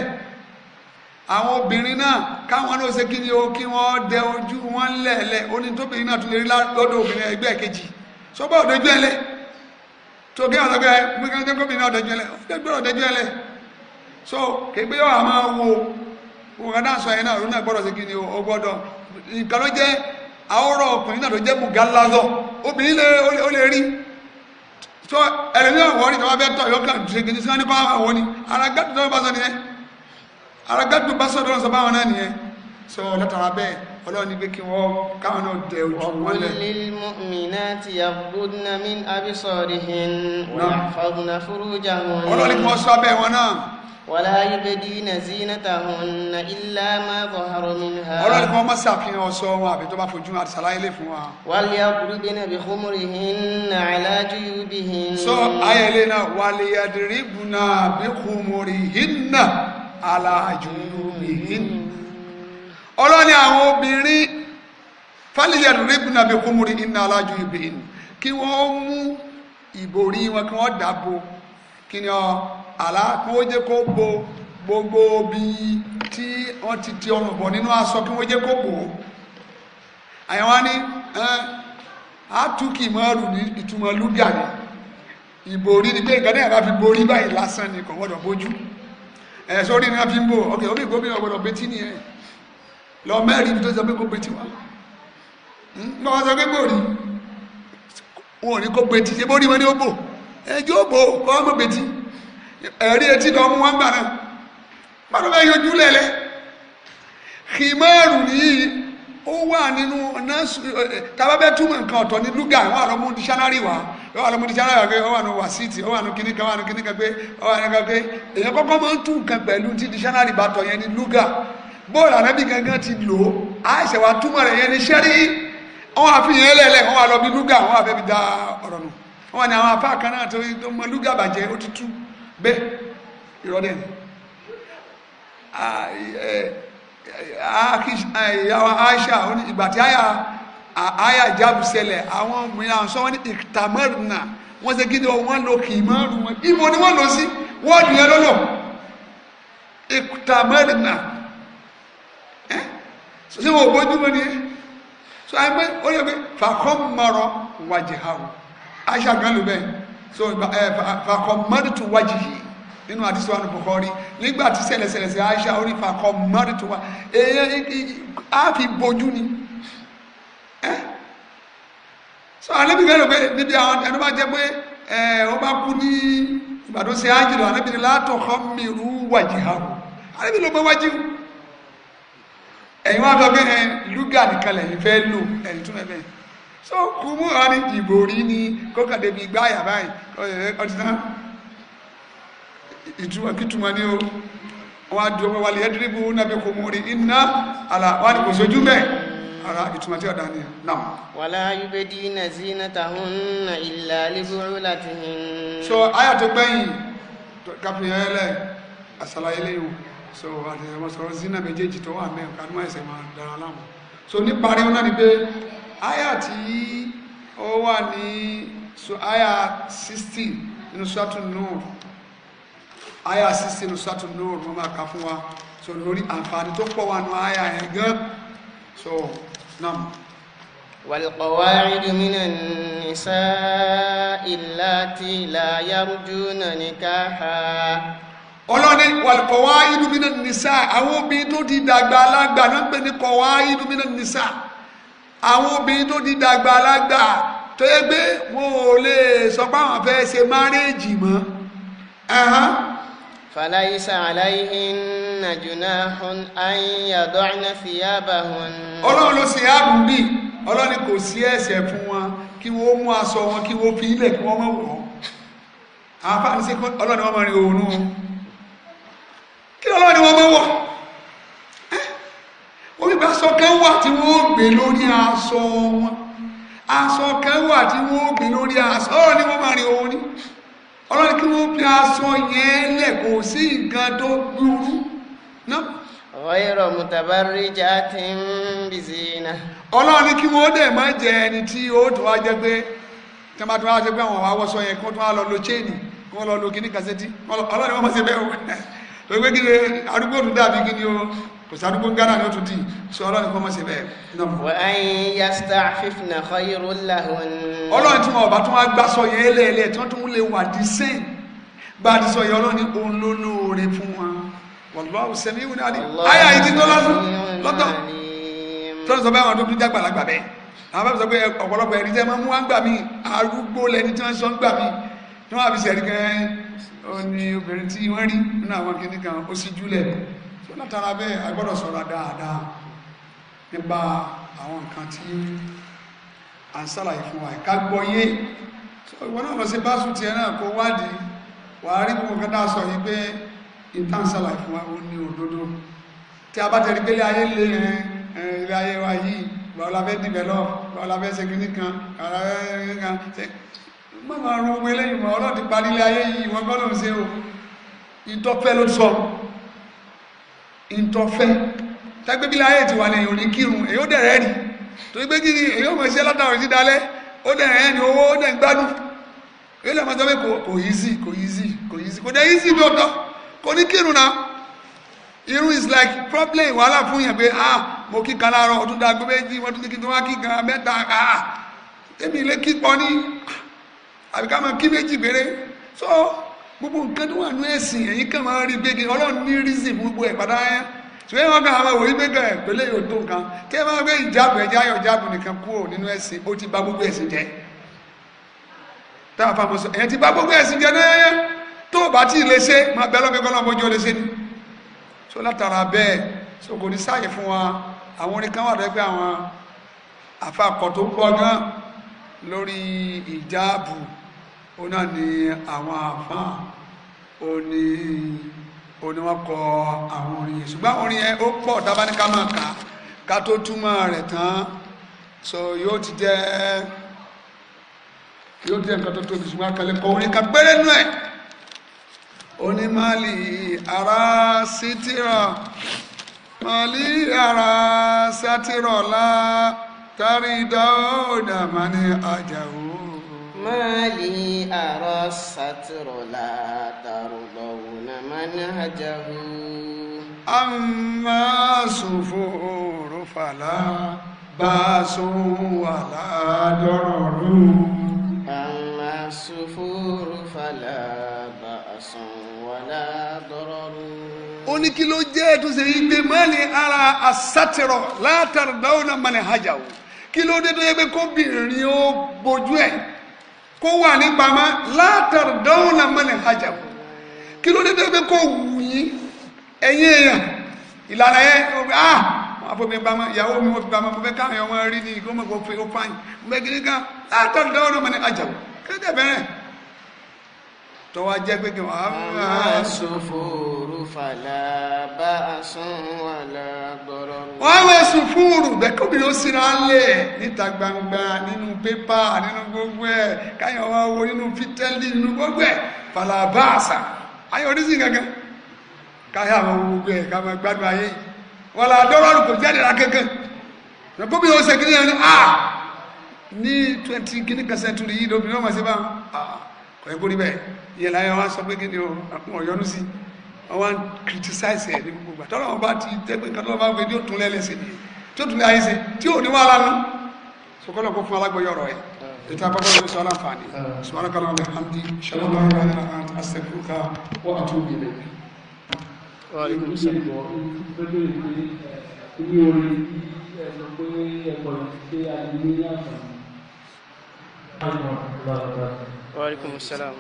àwọn obìnrin náà káwọn náà ṣe kí ni o kí wọ́n dẹ ojú wọn lẹ́ẹ̀lẹ́ onítòbìnrin náà tún lè rí lọ́dọ̀ obìnrin ẹgbẹ́ kejì sọ́gbà òdojú ẹlẹ́ tó gé ọ̀dọ́gbẹ́ mú kí wọ́n dẹ́gbẹ́ obìnrin ọ̀dọ́jú ẹlẹ́ ẹlẹ́ so kégbé yóò gbogbo kan dáhùn sọ yẹn náà òun náà gbọ́dọ̀ sí kí ni o nǹkan ló jẹ́ àwòrán ọkùnrin náà ló jẹ́ mùgálázọ̀ obìnrin ó lè rí tó ẹlẹ́mìíràn wọ́n ní tọ́wọ́ bẹ́ẹ̀ tọ́ yọkàn ṣe kìíní sí wọn ní báwọn aragbádùn tọ́wọ́ bá sọ nìyẹn aragbádùn bá sọ̀dọ̀ sọ báwọn náà nìyẹn sọ látara bẹ́ẹ̀ ọlọ́run ní pé kí wọ́n káwọn náà dẹ ojú wọn lẹ. lilmu'minati yaghudna min absarihin wa yahfazna furujahun. ọlọ́run ní kí wọ́n sọ abẹ́ wọn náà wàlá yìbẹ̀dì na zínata hùn na ilá ma zọ̀hárọ̀ min ha. ọlọ́run kan má sàfihàn ọ̀ṣọ́ wọn àbí tó bá fojú àti sàlàyé lè fún wa. wàlíyà burúkú náà bí kúmùrì hin na aláàjú yìí bí hin. sọ ayẹlẹ náà wàlíyà dìrìbù náà bí kúmùrì hin na aláàjú yìí bí hin. ọlọ́ni àwọn obìnrin fàlíyà dìrìbù náà bí kúmùrì hin na aláàjú yìí bí hin kí wọ́n mú ìbòrí wọn kí wọ́n dàbò kí ni ọ́ àlá kí wọ́n jẹ́ kó bo gbogbo bí tí wọ́n ti ti ọrùn bọ̀ nínú aṣọ kí wọ́n jẹ́ kó bò ó àyàn wá ní àtúkì mọ́rù ní ìtumọ̀ lúgà ní ìborí ni pé nǹkan náà bá fi borí báyìí lásán ni kò gbọ́dọ̀ bójú ẹ̀ sórí ni wọ́n fi ń bò ọkẹ́ ó bí gómìnà gbọ́dọ̀ betí ni ẹ̀ lọ mẹ́rin tó sọ pé kó betí wá hmm, nígbà wọn sọ pé bòrí wọn ò ní kó betí ṣe bórí wọn ni ó bò ẹjọ́ bò kọ́ mọ̀ betí ẹ̀rí etí lọ mú wọn gbà náà gbàdúrà bẹ́ẹ̀ yọjú lẹ́lẹ́ himaru nìyí ó wà nínú tábàbẹ́ túmọ̀ nǹkan ọ̀tọ̀ ní lúgà wọn àlọ́ mú dísánárì wá wọn àlọ́ mú dísánárì wá pé wọn wà nù wàsíìtì wọn wà nù kíní kan wọn wà nù kíní kan pé wọn wà nù kan pé èèyàn kọ́kọ́ máa ń tú nǹkan pẹ̀lú tí dísánárì bá tọ̀ yẹn ní lúgà bóòlù ànábì gangan ti lò ó àìsè wa túmọ̀ rẹ̀ yẹn ní sẹ́rí wọn àfihàn lẹ́lẹ̀ wọn wà lọ bí lúgà wọn àfẹ́ bí da ọ̀rọ̀ nù wọn ni àwọn afá kan náà tó mọ lúgà bàjẹ́ ó ti tú bẹ́ẹ̀ ìrọ̀lẹ́ ni ìyàwó Aisha ìgbà tí aya aya ṣẹlẹ̀ àwọn mìíràn sọ wọ́n ní ìtàmọ́rù náà wọ́n ṣe gidi wọ́n lo kìmọ́rù wọn ni wọ́n lò sí wọ́ọ̀dù yẹn ìtàmọ́rù náà ẹ́ wọ́n bójúmọ́ ni ẹ́ so fakọ mọdù tó wájú yìí nínú àdìsí wa ní Bukhari nígbà tí ṣẹlẹ̀ṣẹlẹ̀ sí Aisha orí fakọ mọdù tó wá èèyàn á fi bojú ni ẹ eh? so alẹ́bí fẹ́ràn pé níbi àwọn ẹni bá jẹ́ pé ẹ eh, ọ bá kú ní ìbàdàn sí ájìlọ alẹ́bí ni látọ̀ kọ́ mi rú wájú ha alẹ́bí ló gbé wájú ẹ̀yin wá fẹ́ pé ẹ eh, lúgà nìkan lẹ́yìn fẹ́ lò ẹ̀ tún ẹ bẹ́ẹ̀ so kùmù hàn ní ìdìbò rí ni kókàdé bíi gbáyà báyìí ọtí tán ìtumọ̀ kìtumọ̀ ni o wọ́n á dùn ọwọ́ wálé ẹ́dìrìbù nàbí kò mú rí iná àlàwádìí kò sójú bẹ́ẹ̀ ara ìtumọ̀ tí ọ̀dá ni ẹ̀ náà. wàlá yúbẹ dí iná sí iná tàhún náà ìlà alébúrú láti hin. so àyà tó gbẹ̀yìn káfíń ẹlẹ àṣàlàyé lẹ́yìn so àti ẹ̀wọ̀n sọ̀rọ̀ sí iná méjèèjì tó wà mẹ́rin kanú ẹ̀sẹ̀ máa dára láwọn so níparí wọn náà ni pé àyà tí ó wà ní àyà 16 nínú sọ́tù nùr àyà 16 nínú sọ́tù nùr wọ́n máa kà fún wa so lórí àǹfààní tó pọ̀ wà nù àyà yẹn gan so nam. والقواعد من النساء اللاتي لا يرجون نكاحا ọlọ́ni wàlùkọ̀wá ìdúmínà nìsá àwọn obìnrin tó di dàgbà alágbà náà ń pè ní kọ̀wá ìdúmínà nìsá àwọn obìnrin tó di dàgbà alágbà tó yẹ pé wọn ò lè sọ pé àwọn fẹ́ ṣe márẹ́ẹ̀jì mọ́. falaisa alaihin najunahun anyadọ́nà fìyàbàhun. ọlọ́run ló ṣe ààbò bí ọlọ́run kò sí ẹ̀ṣẹ̀ fún wọn kí wọ́n mú aṣọ wọn kí wọ́n fi ilẹ̀ kí wọ́n mọ̀ wọ́n. àwọn afáàní sí ọlọ́run wọn mọ̀ rí òórùn kí ọlọ́run wọn mọ̀ wọ́n ó gbé aṣọ kan wà tí wọ́n ó gbé lórí aṣọ wọn aṣọ kan wà tí wọ́n gbé lórí aṣọ ọ̀rọ̀ ni wọ́n máa rin òun ni ọlọ́run kí wọ́n fi aṣọ yẹn lẹ̀ kò sí nǹkan tó gbúrú náà. ọ̀yẹ̀rọ̀ mùtàbárí já ti ń bìsí náà. ọlọ́run ní kí wọ́n dẹ̀ máa jẹ ẹni tí ó tó wá jẹ́ pé tí wọ́n bá tó wá jẹ́ pé àwọn yẹn kó tó wá lọ lo chaine kó wọ́n lọ lo kíní kàṣẹ́tì ọlọ́run ni [laughs] arúgbó o kò sádúgbò gánà ní ó tún dì sọ ọlọ́run kọ́ mọ́ sí bẹ́ẹ̀ náà. wà á yin yasta fífúnà kọ́yìrú làwọn. ọlọ́run tí wọn ọba tún wá gbá sọ yẹn lẹ́ẹ̀lẹ́ tí wọ́n tún lè wà dí sẹ́yìn bá a ti sọ yẹn ọlọ́run ní wa wàlúwàhù sẹ́mi ìwé náà ni àyà ti tó lọ́sùn lọ́tọ̀ tọ́lá sọ bẹ́ẹ̀ àwọn tó dúdú àgbàlagbà bẹ́ẹ̀ àwọn bàbá sọ pé ọ̀pọ̀lọpọ̀ ẹ̀rí tẹ́ máa mú wá ń gbà mí arúgbó tí wọ́n sọ ń gbà tí wọ́n àbí sẹ́rí kẹ́ ẹ́ ó obìnrin tí wọ́n rí nínú tó látara bẹ́ẹ̀ a gbọ́dọ̀ sọ̀rọ̀ dáadáa nípa àwọn nǹkan tí à ń sàlàyé fún wa ká gbọ́ yé ìwọ náà lọ sí báṣu tiẹ̀ náà kó wádìí wàá rí gbogbo nǹkan dáa sọ yìí pé ìtàn sàlàyé fún wa ó ní òdodo tí a bá tẹ̀lé pé ilé ayé lè ilé ayé wa yìí lọ́la fẹ́ develop lọ́la fẹ́ ṣe kìíní kan lọ́la fẹ́ ṣe kan ṣe má máa ro gbogbo eléyìí mọ́ ọlọ́ọ̀dì parí ilé ayé yìí wọ́n ntọ́fẹ́ tágbé bí láyé ti wà ní òní kírun èyí ó dẹ̀rẹ́ ni torí pé kíni èyí ó mọ̀ sí alátàwọn sí dalẹ́ ó dẹ̀rẹ́ ni owó ó dẹ̀ ń gbádùn èyí lè máa sọ pé kò easy kò easy kò easy kò dẹ̀ easy bí ó tọ́ kò ní kírun náà irun is like problem wàhálà fún yẹn pé ah mo kí kan láàárọ̀ ọdún dàgbé méjì wọ́n tún ní kí tí wọ́n kí kan mẹ́ta ah èmi lè kí pọ́ ní àbíká máa kí méjì péré so gbogbo nǹkan tó wà ní ẹ̀sìn ẹ̀yìn kan máa rí gbégi ọlọ́run ní rízì gbogbo ẹ̀ padà yẹn ṣùgbọ́n wọn kàn máa wò yí gbégbé ẹ̀ pẹ̀lẹ́ yóò tó nǹkan tí ẹ bá gbé ìjáàbù ẹ̀jẹ̀ ayọ̀ ìjáàbù nìkan kúrò nínú ẹ̀sìn ó ti bà gbogbo ẹ̀sìn jẹ́ tá a fa ti bà gbogbo ẹ̀sìn jẹ́ náyẹ́ tó o bá tí lè ṣe máa bẹ́ lọ́mọ ìkọ́nà ọmọdé ni so látara bẹ́ẹ̀ so kò ní sáàyè fún wa àwọn orin kan wà lọ pé àwọn àfàkọ́ tó pọ̀ gan lórí ìjáàbù ó náà ní àwọn àfáà Oni oni ó ní wọ́n kọ àwọn orin yẹn ṣùgbọ́n orin yẹn ó pọ̀ dábàáníkà máa kà ká tó túmọ̀ rẹ̀ tán so yóò ti jẹ́ yóò jẹ́ nǹkan tó tóbi ṣùgbọ́n akẹ́lẹ́ kọ orin kan péré nú ẹ̀ onímọ̀lì ara sitira mọ̀lì ara satira la tàrí dáhùn dàmánì àjàù. ما لي أرى الستر لا ترضون منهجه أما سفور فلا بأس ولا ضرر أما السفور فلا بأس ولا ضرر ó ní kí ló jẹ́ tó ṣe yí pé mẹ́lì ara àsátìrọ̀ látàrí dáhùn náà mọ̀nà hajj tó yẹ pé kóbìnrin ó bójú ẹ̀ kó wà ní pamọ́ látàrí dánwò náà mọ́nà hajj kí ló dé tó fi kó wù yín ẹ̀yin èèyàn ìlànà yẹn ah afọbi bama ìyàwó mi wọ́n fi bama fọfẹ́ káwọn ọmọ rí ni kó mọ̀ fi ó fáyín mọ̀ gidi gan látọ̀rọ̀ dánwò náà mọ̀ ní ajá kéde bẹ̀rẹ̀ tọ́wọ́ jẹ́ pé kí á fún un fàlà bá a sán wàlà gbọ́rọ̀. wọ́n wẹ̀ sùn fún òrùbẹ́ kóbìnrin ó sinra lẹ̀ níta gbangba nínú pépà nínú gbogbo ẹ̀ káyọ̀ wá wo nínú fitẹ́lì nínú gbogbo ẹ̀ fàlà bá a sà ayọ̀ kankan káyọ̀ àwọn gbogbo ẹ̀ ká gbádùn ayé yìí wàlà dọ́rọ́rù kò jáde ra kankan kóbìnrin ó ṣe kí ni ẹni a ah, ní twenty kìíní kan sẹ́ńtúrì yìí lóbìnrin ó máa ṣe báwọn ah, kò yẹ kó bẹ́ẹ̀ ìyẹn láyọ̀ wá sọ pé kí ni ọ̀yọ́nú sí i wọ́n wá ń criticize gbogbo ìgbà tọ́lọ́ ti jẹ́ pé nǹkan gbé tí ó tún lẹ́lẹ́sẹ̀ nìyẹn tí ó tún lẹ́ ayé tí ò ní wá lánà sọkọlọ kó fún alágbèyọ rọ ẹ ètò àpapọ̀ ìwé sọ aláǹfààní sùmọ́nà kan náà alhamdi shalom wa rahmatulahi wa rahmatulahi astaghfiruka wa atubu ilayk. Ibi orin ẹ̀sọ̀ pé ẹ̀kọ́ ṣe àdìmí ní àfààní. Wa alaikum salaam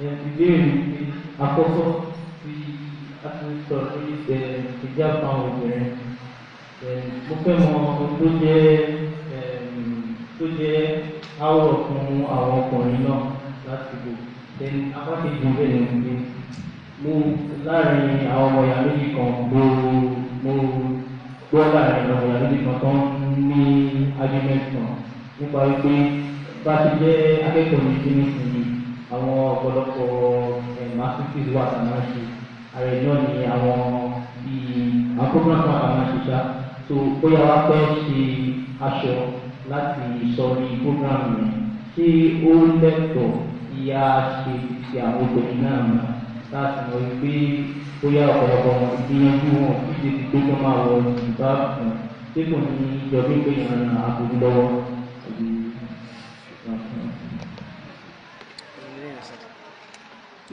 ìbéèrè pé àkọ́kọ́ tí a ti sọ lórí ìjà fáwọn obìnrin mo fẹ́ mọ ohun tó jẹ́ tó jẹ́ áwọ̀ fún àwọn ọkùnrin náà lásìkò ẹni apákejì bẹ́ẹ̀ ni pé mo láàrin àwọn ọmọ ìyá ini, kan mo mo gbọ́ láàrin àwọn ọmọ ìyá méjì kan tó ń ní argument kan nípa wípé bá ti jẹ́ akẹ́kọ̀ọ́ mi sí àwọn ọ̀pọ̀lọpọ̀ eh, masterpiece wà tá a máa ṣe ara ẹ̀ náà ni àwọn bíi akọ́gbọ́n kan àwọn àṣìṣà tó bóyá wá pẹ́ ṣe aṣọ láti sọrí program yẹn ṣé ó lẹ́tọ̀ọ́ ìyá ṣe ti àwọn obìnrin náà mọ̀ láti mọ̀ wípé bóyá ọ̀pọ̀lọpọ̀ ìgbìyànjú wọn kí ṣe ti tó tó máa wọ ìbá kan kò ní ìjọba ìgbéyàwó àbúrò lọ́wọ́.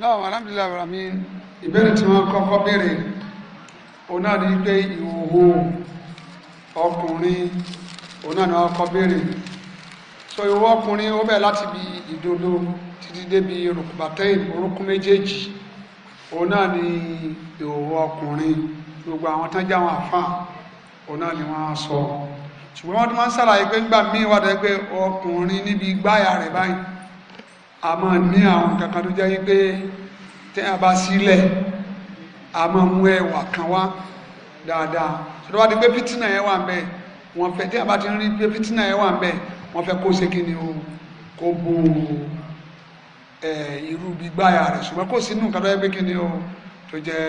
náà alhamdulilayi rami ìbéèrè tí wọ́n kọ́kọ́ béèrè òun náà ní pé ìhòòhò ọkùnrin òun náà ní wọ́n kọ́ béèrè so ìhòòhò ọkùnrin ó bẹ̀rẹ̀ láti bi ìdodo títí débi rukbatẹ́yìn orúkún méjèèjì òun náà ní ìhòòhò ọkùnrin gbogbo àwọn tán jáwọn àfa òun náà ni wọ́n á sọ ṣùgbọ́n wọ́n ti máa ń ṣàlàyé pé nígbà míì wà dẹ́gbẹ́ ọkùnrin níbi gbáyà rẹ̀ báyìí a máa ní àwọn kankan tó jẹ́ wípé tí a bá sílẹ̀ a máa mú ẹwà kan wá dáadáa ṣọlá wàá di pé fìtínà yẹn wà ń bẹ wọn fẹ́ tí a bá ti rí pé fìtínà yẹn wà ń bẹ wọn fẹ́ kó ṣe ni o kó bo ẹ irú gbígbáyà rẹ ṣùgbọ́n kó sínú nǹkan tó yẹ pé kí ni o tó jẹ́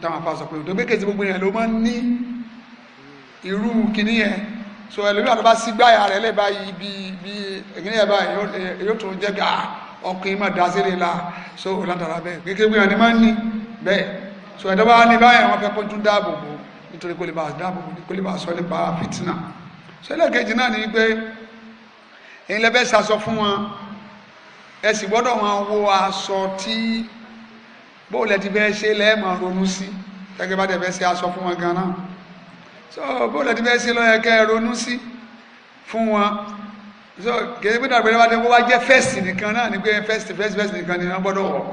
táwọn afásọ pé òtò gbé kejì gbogbo yẹn ló máa ń ní irú kíní so ẹlòmíràn tó bá sí gbáyà rẹ̀ lẹ́ báyìí bí bí ìgbìyànjú báyìí yóò tó jẹ́ gà ọkùnrin máa dá sílẹ̀ la so ọ̀làdàrà bẹ́ẹ̀ kékeré wọn ni máa ń ní bẹ́ẹ̀ so ẹ̀dọ́ bá ní báyà wọn fẹ́ kó tún dáàbò bò nítorí kó lè bá dáàbò bò kó lè bá sọ nípa fìtínà so ẹlẹ́kejì náà ni pé èyí lẹ́fẹ́ sasọ fún wọn ẹ sì gbọ́dọ̀ wọn wo aṣọ tí bóòlù ẹ ti fẹ́ ṣe lẹ́ẹ̀mọ̀ ronú sí gẹ́gẹ́ bá tẹ̀ fẹ́ ṣe aṣọ fún wọn gan so bóòlù ẹtí fẹ́ẹ́ ṣe lọ́yẹ kẹ́ ẹ ronú sí fún wọn so kìí pé dàgbẹ́rẹ́ wá dé wọ́n wá jẹ́ fẹ́ẹ̀sì nìkan náà ní pé fẹ́ẹ̀sì fẹ́ẹ̀sì fẹ́ẹ̀sì nìkan ni wọ́n gbọ́dọ̀ wọ̀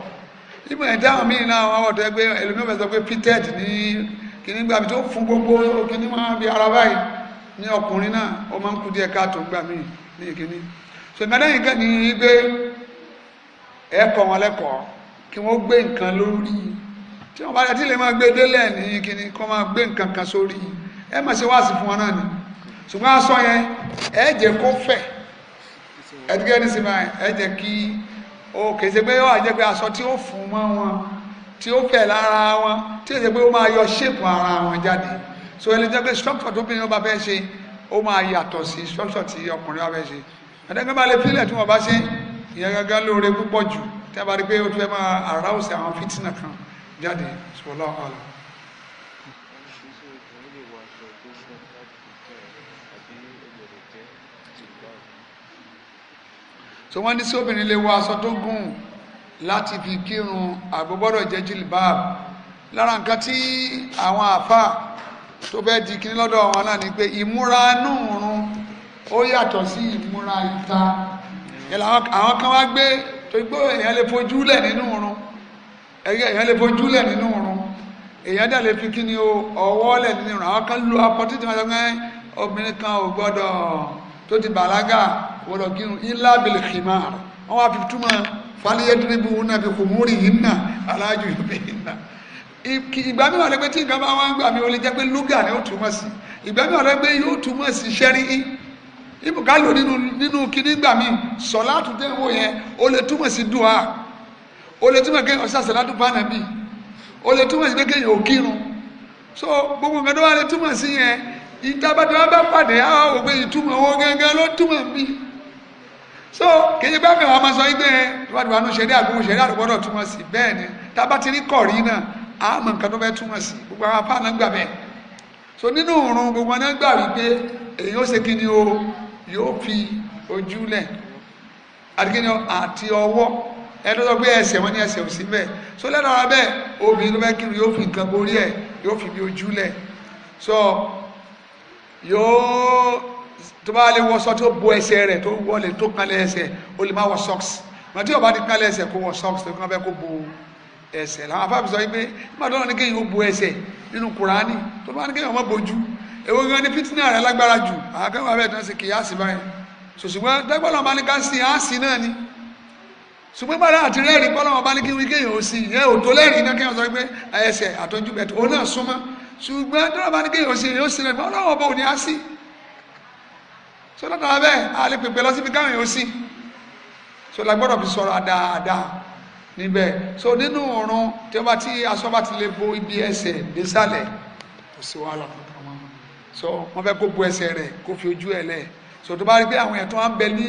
ìmọ̀ ẹ̀dá àwọn míì náà wọ́n wọ̀tọ́ pé ẹlòmíràn fẹ́ sọ pé pitted ní kíní gbà mí tó fún gbogbo kíní máa bí ara báyìí ní ọkùnrin náà ó máa ń kú díẹ̀ káàtó gbà mí ní kíní so ìmọ̀lẹ́yìn kan ní gbé ẹ̀kọ́ wọn lẹ́kọ̀ọ́ kí wọ́n gbé nǹkan lórí tí wọ́n bá dẹ̀ tí lè máa gbé délẹ̀ ní kíní kó máa gbé nǹkan kan sórí yìí ẹ mọ̀ ṣe wáàsí fún wọn náà ni ṣùgbọ́n aṣọ yẹn ẹ jẹ́ kó fẹ̀ ẹdígẹ́ ní sinmi ẹ jẹ́ kí o kì í ṣe pé ó wà jẹ́ pé aṣọ tí ó fún mọ́ wọn tí ó fẹ̀ lára wọn tí ó ṣe pé ó máa yọ ṣèpù ara wọn jáde so ẹni jẹ́ pé structure tó bìnrin bá fẹ́ ṣe ó máa yàtọ̀ sí structure tí ọkùnrin bá fẹ́ ṣe ẹ̀dẹ́gbẹ́ bá lè fílẹ̀ tí wọ́n bá ṣe ìyẹn gángan lóore púpọ̀ jù tẹ́ bá rí pé ó tún fẹ́ máa arouse àwọn fìtínà kan jáde sọlọ́ọ̀ọ́lọ́. so wọ́n ní sí obìnrin lè wọ aṣọ tó gùn láti fi kírun àgbọ́gbọ́dọ̀ jẹ́ jìlìbáàbù lára nǹkan tí àwọn àfà tó bẹ́ẹ̀ di kíní lọ́dọ̀ wọn náà ni pé ìmúra núùrún ó yàtọ̀ sí ìmúra ìta àwọn kan wá gbé tó gbó èèyàn lè fojúlẹ̀ nínú òrun èèyàn lè fojúlẹ̀ nínú òrun èèyàn dẹ̀ lè fi kí ni ọwọ́ lẹ̀ nínú òrun àwọn kan lu apọtí tí wọ́n sọ pé obìnrin kan ò gbọ́dọ̀ tó ti bàlágà gbọ́dọ̀ kírun ilá bil khimar wọ́n wá fi túmọ̀ fàlíyẹ́dínlẹ́bù náà fi kòmórì yìí náà aláàjù ìbẹ̀ yìí náà ìgbà mi wà lẹ́gbẹ́ tí nǹkan bá wá ń gbà mí o lè jẹ́ pé lúgà ni ó túmọ̀ sí ìgbà mi wà lẹ́gbẹ́ yóò túmọ̀ sí sẹ́rí ibùká lò nínú nínú kíní gbà mí sọ̀láàtù tẹ́ ń yẹn o lè túmọ̀ sí dùá o lè túmọ̀ kéèyàn sàṣẹ ládùn bá o lè túmọ̀ sí kéèyàn ò kírun so gbogbo nǹkan tó wà lè túmọ̀ sí yẹn ìtabàtà bá pàdé àwọn òpin ìtumọ̀ owó gángan ló túmọ̀ mí so kìí bá mi wà máa sọ yín pé ìwádìí àánú ṣẹlẹ̀ àgbóhùn ṣẹlẹ̀ àdúgbọ́dọ̀ túmọ̀ sí bẹ́ẹ̀ ni tá a bá ti rí kọ̀rí náà a mọ̀ nǹkan tó fẹ́ túmọ̀ sí gbogbo àwọn apá náà gbà bẹ́ẹ̀ so nínú òórùn gbogbo wọn náà gbà wípé èyí ó ṣe kí ni o yóò fi ojú lẹ̀ àti kí ni àti ọwọ́ ẹni tó sọ pé ẹsẹ̀ wọn ní ẹsẹ̀ ò sí bẹ́ẹ̀ so lẹ́nu ara bẹ́ẹ̀ obìnrin tó fẹ́ kiri yóò fi nǹkan borí ẹ̀ yóò fi bí ojú so yóò tó bá lè wọṣọ tó bo ẹsẹ̀ rẹ̀ tó wọlé tó kanlẹ̀ ẹsẹ̀ ó lè má wọ socks mọ tí ọba ti kanlẹ̀ ẹsẹ̀ kó wọ socks tó kàn fẹ́ kó bo ẹsẹ̀ làwọn afáàbí sọ pé mọdún náà ní kéyìn ó bo ẹsẹ̀ nínú kuraani tó bá ní kéyìn ọmọ bojú èwo gan ni fitina rẹ̀ lágbára jù àkẹ́wọ̀n abẹ́ tán sí kìyàsí báyìí sòṣùgbọ́n dágbọ́lọ́ bá ní ká sí á sí náà ni ṣùgbọ́n bá láti rẹ́rìí pọ́lọ́wọ́ bá ní kí wí kéèyàn ó sí ìyẹn ò tó lẹ́rìí náà kéèyàn sọ pé ẹsẹ̀ àtọ́jú bẹ̀tẹ̀ òun náà súnmọ́ ṣùgbọ́n tọ́lọ́ bá ní kéèyàn ó sí èyàn ó sí lẹ́nu ọlọ́wọ́ bá òun ni á sí so látara bẹ́ẹ̀ a lè pèpè lọ síbi káwọn èèyàn sí so la gbọ́dọ̀ fi sọ̀rọ̀ dáadáa níbẹ̀ so nínú ọ̀run tí wọ́n bá ti aṣọ bá ti lè bo ibi ẹsẹ̀ désàlẹ̀ kò sí wàhálà kankan wọn so wọ́n fẹ́ kó bo ẹsẹ̀ rẹ̀ kó fi ojú ẹ̀ lẹ̀ so tó bá rí pé àwọn ẹ̀tọ́ à ń bẹ ní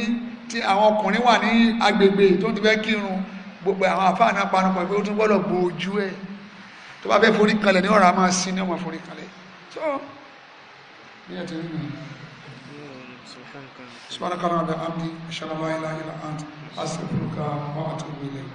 tí àwọn ọkùnrin wà ní agbègbè tó ti fẹ́ kírun gbogbo àwọn àfáà náà panupọ̀ pé ó tún gbọ́dọ̀ bo ojú ẹ̀ tó bá fẹ́ forí kalẹ̀ ní ọ̀rọ̀ a máa sin ní ọmọ forí kalẹ̀ so ní ẹ̀ ti rí nìyẹn subhanaka rabbil hamdi ashhadu an la ilaha illa anta astaghfiruka wa atubu ilayk